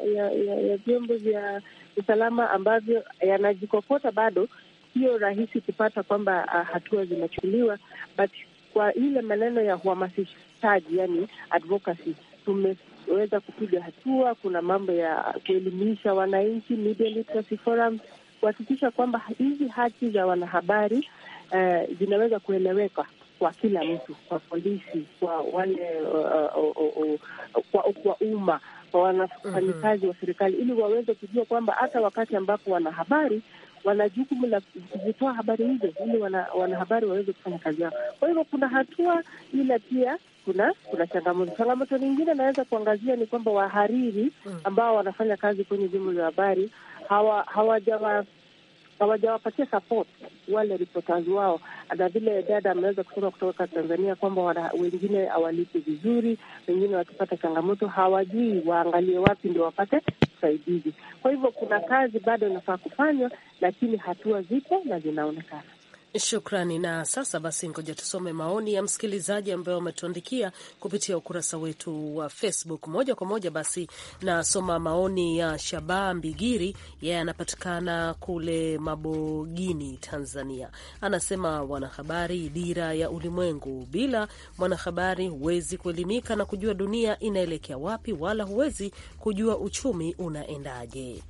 ya vyombo vya usalama ambavyo yanajikokota, bado sio rahisi kupata kwamba uh, hatua zinachukuliwa, but kwa ile maneno ya uhamasishaji, yani advocacy tumeweza kupiga hatua. Kuna mambo ya kuelimisha wananchi, media literacy forum, kuhakikisha kwamba hizi haki za wanahabari uh, zinaweza kueleweka kwa kila mtu, kwa polisi, kwa wale uh, uh, uh, kwa umma, kwa wanafanyikazi wa serikali, ili waweze kujua kwamba hata wakati ambapo wanahabari wana jukumu la kuzitoa habari hizo ili wanahabari waweze kufanya kazi yao. Kwa hivyo kuna hatua, ila pia kuna kuna changamoto. Changamoto nyingine naweza kuangazia ni kwamba wahariri mm. ambao wanafanya kazi kwenye vyombo vya habari hawajawa hawa hawajawapatia support wale reporters wao, na vile dada ameweza kusema kutoka Tanzania kwamba wengine hawalipi vizuri, wengine wakipata changamoto hawajui waangalie wapi ndio wapate usaidizi. Kwa hivyo kuna kazi bado inafaa kufanywa, lakini hatua zipo na zinaonekana. Shukrani. Na sasa basi, ngoja tusome maoni ya msikilizaji ambayo ametuandikia kupitia ukurasa wetu wa Facebook moja kwa moja. Basi nasoma maoni ya Shabaa Mbigiri, yeye anapatikana kule Mabogini, Tanzania. Anasema, wanahabari, dira ya ulimwengu. Bila mwanahabari huwezi kuelimika na kujua dunia inaelekea wapi, wala huwezi kujua uchumi unaendaje.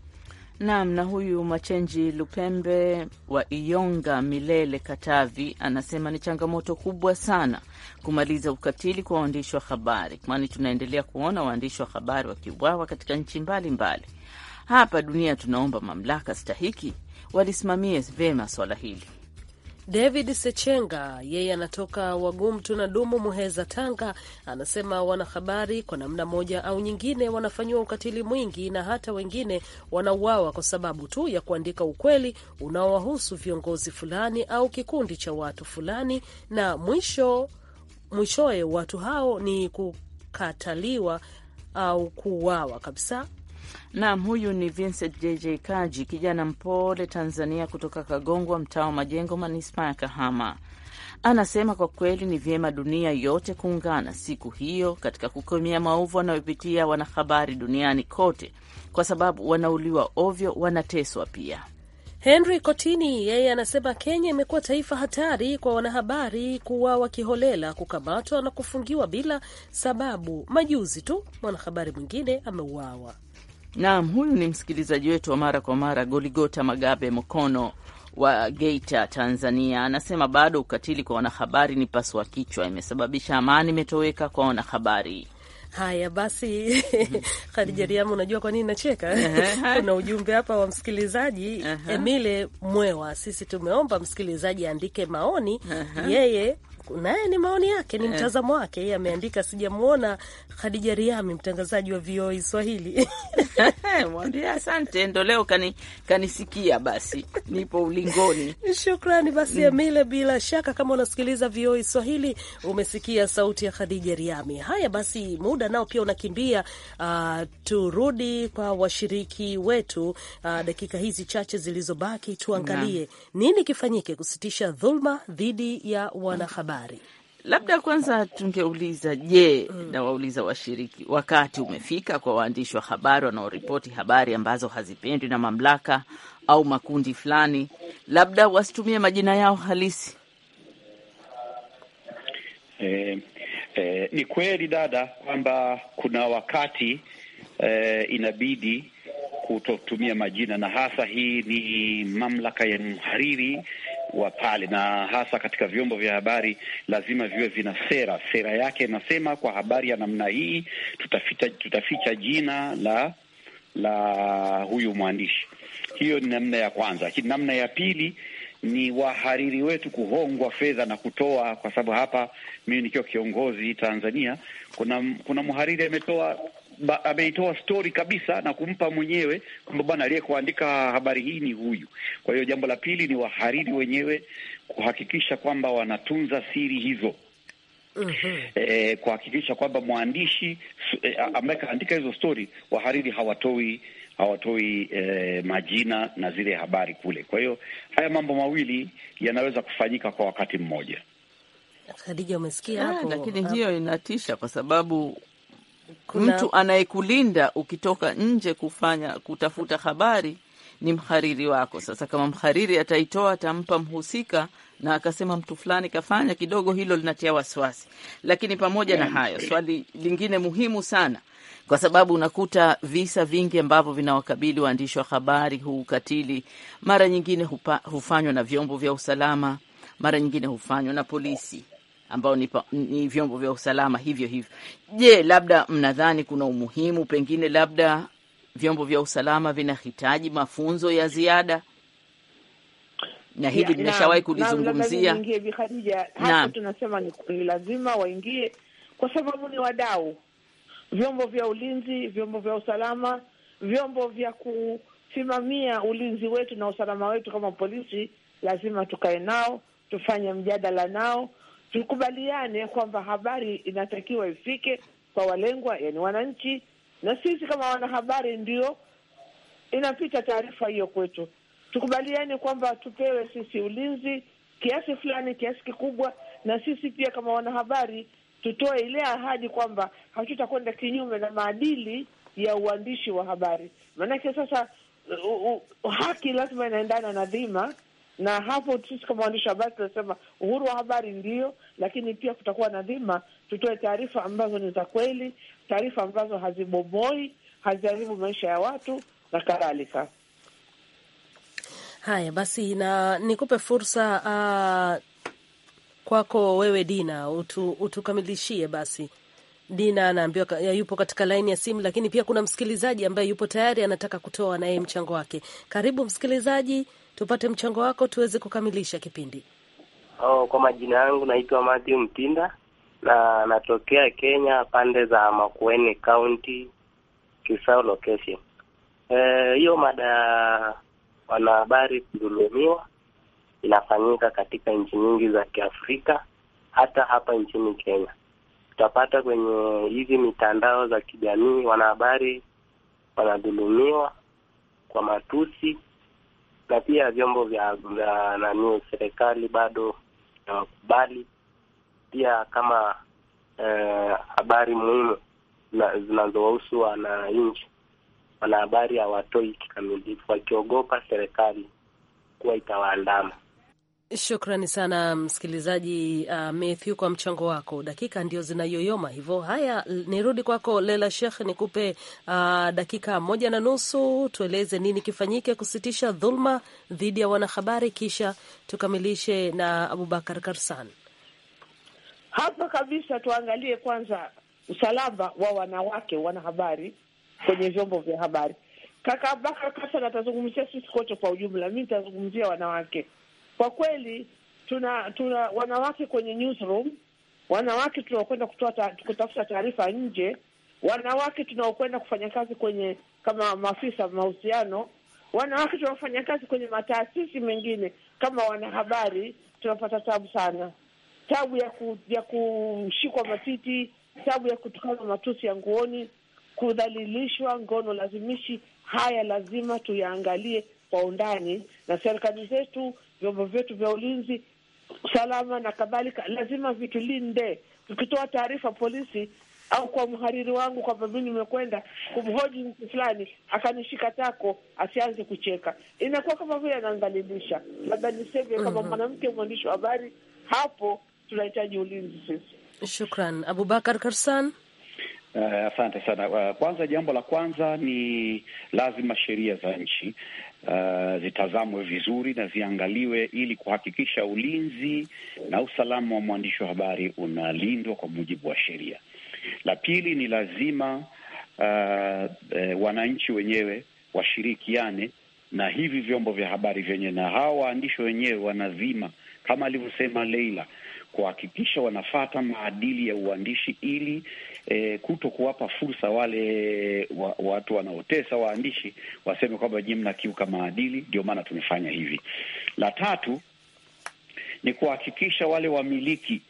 Naam, na huyu Machenji Lupembe wa Iyonga Milele, Katavi, anasema ni changamoto kubwa sana kumaliza ukatili kwa waandishi wa habari, kwani tunaendelea kuona waandishi wa habari wakiuawa katika nchi mbalimbali mbali. Hapa dunia tunaomba mamlaka stahiki walisimamie vyema swala hili. David Sechenga yeye anatoka Wagumtu na Dumu, Muheza, Tanga, anasema wanahabari kwa namna moja au nyingine wanafanyiwa ukatili mwingi, na hata wengine wanauawa kwa sababu tu ya kuandika ukweli unaowahusu viongozi fulani au kikundi cha watu fulani, na mwisho mwishowe watu hao ni kukataliwa au kuuawa kabisa Naam, huyu ni Vincent JJ Kaji, kijana mpole Tanzania kutoka Kagongwa, mtaa wa Majengo, manispaa ya Kahama. Anasema kwa kweli ni vyema dunia yote kuungana siku hiyo katika kukomea maovu wanayopitia wanahabari duniani kote, kwa sababu wanauliwa ovyo, wanateswa pia. Henry Kotini yeye anasema Kenya imekuwa taifa hatari kwa wanahabari kuuawa kiholela, kukamatwa na kufungiwa bila sababu. Majuzi tu mwanahabari mwingine ameuawa. Naam, huyu ni msikilizaji wetu wa mara kwa mara Goligota Magabe Mkono wa Geita, Tanzania, anasema bado ukatili kwa wanahabari ni paswa kichwa, imesababisha amani imetoweka kwa wanahabari. Haya basi, Khadija Riamu, unajua kwa nini nacheka? Kuna ujumbe hapa wa msikilizaji Emile Mwewa. Sisi tumeomba msikilizaji aandike maoni yeye naye ni maoni yake, ni eh. mtazamo wake yeye. Ameandika, sijamwona Khadija Riami, mtangazaji wa VOA Swahili. Mwambia asante, ndo leo kani kanisikia, basi nipo ulingoni. Shukrani basi mm. Amile, bila shaka kama unasikiliza VOA Swahili umesikia sauti ya Khadija Riami. Haya basi, muda nao pia unakimbia. Uh, turudi kwa washiriki wetu. Uh, dakika hizi chache zilizobaki tuangalie na nini kifanyike kusitisha dhulma dhidi ya wanahabari habari. Labda kwanza tungeuliza je, mm. nawauliza washiriki, wakati umefika kwa waandishi wa habari wanaoripoti habari ambazo hazipendwi na mamlaka au makundi fulani, labda wasitumie majina yao halisi. Eh, eh, ni kweli dada kwamba kuna wakati eh, inabidi kutotumia majina na hasa hii ni mamlaka ya mhariri wa pale, na hasa katika vyombo vya habari lazima viwe vina sera. Sera yake inasema kwa habari ya namna hii tutaficha, tutaficha jina la la huyu mwandishi. Hiyo ni namna ya kwanza, lakini namna ya pili ni wahariri wetu kuhongwa fedha na kutoa, kwa sababu hapa mimi nikiwa kiongozi Tanzania, kuna kuna mhariri ametoa ameitoa stori kabisa na kumpa mwenyewe kwamba bwana aliyekuandika habari hii ni huyu. Kwa hiyo jambo la pili ni wahariri wenyewe kuhakikisha kwamba wanatunza siri hizo. Mm -hmm. Eh, kuhakikisha kwamba mwandishi eh, ambaye kaandika hizo stori, wahariri hawatoi hawatoi eh, majina na zile habari kule. Kwa hiyo haya mambo mawili yanaweza kufanyika kwa wakati mmoja. Khadija, umesikia ah, hapo? Lakini hiyo inatisha kwa sababu kuna... mtu anayekulinda ukitoka nje kufanya kutafuta habari ni mhariri wako. Sasa kama mhariri ataitoa atampa mhusika na akasema mtu fulani kafanya kidogo, hilo linatia wasiwasi. Lakini pamoja na hayo, yaani, swali lingine muhimu sana, kwa sababu unakuta visa vingi ambavyo vinawakabili waandishi wa habari, huu ukatili mara nyingine hufanywa na vyombo vya usalama, mara nyingine hufanywa na polisi ambao ni, pa, ni vyombo vya usalama hivyo hivyo. Je, labda mnadhani kuna umuhimu pengine labda vyombo vya usalama vinahitaji mafunzo ya ziada? na hili nimeshawahi kulizungumzia. tunasema ni, ni lazima waingie kwa sababu ni wadau, vyombo vya ulinzi, vyombo vya usalama, vyombo vya kusimamia ulinzi wetu na usalama wetu. Kama polisi, lazima tukae nao, tufanye mjadala nao, tukubaliane kwamba habari inatakiwa ifike kwa walengwa, yani wananchi, na sisi kama wanahabari ndio inapita taarifa hiyo kwetu. Tukubaliane kwamba tupewe sisi ulinzi kiasi fulani, kiasi kikubwa, na sisi pia kama wanahabari tutoe ile ahadi kwamba hatutakwenda kinyume na maadili ya uandishi wa habari. Maanake sasa uh, uh, haki lazima inaendana na dhima na hapo sisi kama waandishi wa habari tunasema uhuru wa habari ndio, lakini pia kutakuwa na dhima, tutoe taarifa ambazo ni za kweli, taarifa ambazo hazibomoi, haziharibu maisha ya watu na kadhalika. Haya basi, na nikupe fursa uh, kwako wewe Dina, utu, utukamilishie basi. Dina anaambiwa yupo katika laini ya simu, lakini pia kuna msikilizaji ambaye yupo tayari anataka kutoa naye mchango wake. Karibu msikilizaji tupate mchango wako tuweze kukamilisha kipindi. Oh, kwa majina yangu naitwa Matthew Mtinda na natokea Kenya, pande za Makueni County, Kisau location. Eh, hiyo e, mada ya wanahabari kudhulumiwa inafanyika katika nchi nyingi za Kiafrika, hata hapa nchini Kenya utapata kwenye hizi mitandao za kijamii wanahabari wanadhulumiwa kwa matusi na pia vyombo vya vya nani serikali bado hawakubali, pia kama eh, habari muhimu zinazohusu wananchi, wanahabari hawatoi kikamilifu, wakiogopa serikali kuwa itawaandama. Shukrani sana msikilizaji uh, Mathew kwa mchango wako. Dakika ndio zinayoyoma hivyo. Haya, nirudi kwako Lela Shekh, nikupe uh, dakika moja na nusu, tueleze nini kifanyike kusitisha dhulma dhidi ya wanahabari, kisha tukamilishe na Abubakar Karsan. Hapa kabisa, tuangalie kwanza usalama wa wanawake wanahabari kwenye vyombo vya habari. Kaka Abubakar Karsan atazungumzia sisi kote kwa ujumla, mi nitazungumzia wanawake kwa kweli tuna tuna wanawake kwenye newsroom, wanawake tunaokwenda kutoa kutafuta taarifa nje, wanawake tunaokwenda kufanya kazi kwenye kama maafisa mahusiano, wanawake tunaofanya kazi kwenye mataasisi mengine kama wanahabari, tunapata tabu sana, tabu ya ku, ya kushikwa matiti, tabu ya kutukana matusi ya nguoni, kudhalilishwa, ngono lazimishi. Haya lazima tuyaangalie kwa undani, na serikali zetu vyombo vyetu vya ulinzi, usalama na kadhalika, lazima vitulinde. Tukitoa taarifa polisi au kwa mhariri wangu kwamba mi nimekwenda kumhoji mtu fulani akanishika tako, asianze kucheka, inakuwa kama vile anangalilisha Labda niseme kama mhm. mwanamke mwandishi wa habari, hapo tunahitaji ulinzi sisi. Shukran Abubakar Karsan. Uh, asante sana. Uh, kwanza jambo la kwanza ni lazima sheria za nchi uh, zitazamwe vizuri na ziangaliwe ili kuhakikisha ulinzi na usalama wa mwandishi wa habari unalindwa kwa mujibu wa sheria. La pili ni lazima uh, uh, wananchi wenyewe washirikiane na hivi vyombo vya habari vyenyewe na hawa waandishi wenyewe wanazima, kama alivyosema Leila, kuhakikisha wanafata maadili ya uandishi ili e, eh, kuto kuwapa fursa wale wa, watu wanaotesa waandishi waseme kwamba nyie mnakiuka maadili, ndio maana tumefanya hivi. La tatu ni kuhakikisha wale wamiliki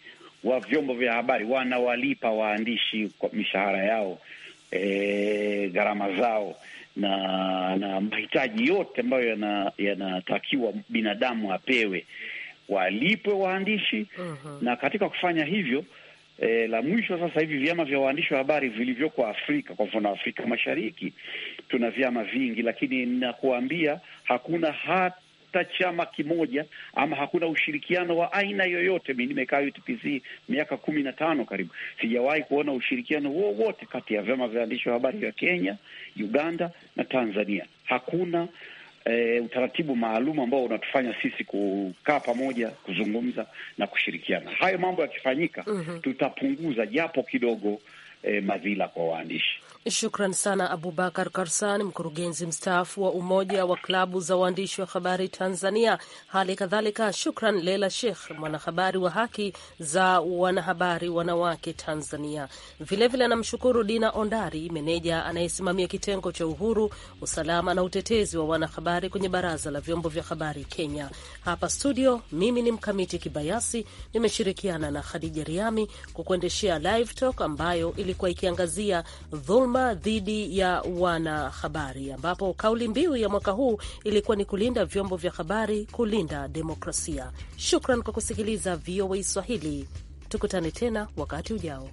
wa vyombo vya habari wanawalipa waandishi kwa mishahara yao, e, gharama zao na na mahitaji yote ambayo yanatakiwa yana binadamu apewe walipwe waandishi uh-huh. Na katika kufanya hivyo e, la mwisho sasa hivi vyama vya waandishi wa habari vilivyoko Afrika, kwa mfano Afrika Mashariki tuna vyama vingi, lakini nakuambia hakuna hata chama kimoja ama hakuna ushirikiano wa aina yoyote. Mi nimekaa UTPC miaka kumi na tano karibu, sijawahi kuona ushirikiano wowote kati ya vyama vya waandishi wa habari vya Kenya, Uganda na Tanzania. Hakuna e, utaratibu maalum ambao unatufanya sisi kukaa pamoja, kuzungumza na kushirikiana. Hayo mambo yakifanyika, mm -hmm. tutapunguza japo kidogo e, madhila kwa waandishi. Shukran sana Abubakar Karsan, mkurugenzi mstaafu wa Umoja wa Klabu za Waandishi wa Habari Tanzania. Hali kadhalika shukran Leila Sheikh, mwanahabari wa haki za wanahabari wanawake Tanzania. Vilevile namshukuru Dina Ondari, meneja anayesimamia kitengo cha uhuru, usalama na utetezi wa wanahabari kwenye Baraza la Vyombo vya Habari Kenya. Hapa studio, mimi ni Mkamiti Kibayasi, nimeshirikiana na Khadija Riami kukuendeshea Live Talk ambayo ilikuwa ikiangazia dhulma dhuluma dhidi ya wanahabari, ambapo kauli mbiu ya mwaka huu ilikuwa ni kulinda vyombo vya habari, kulinda demokrasia. Shukran kwa kusikiliza VOA Swahili. Tukutane tena wakati ujao.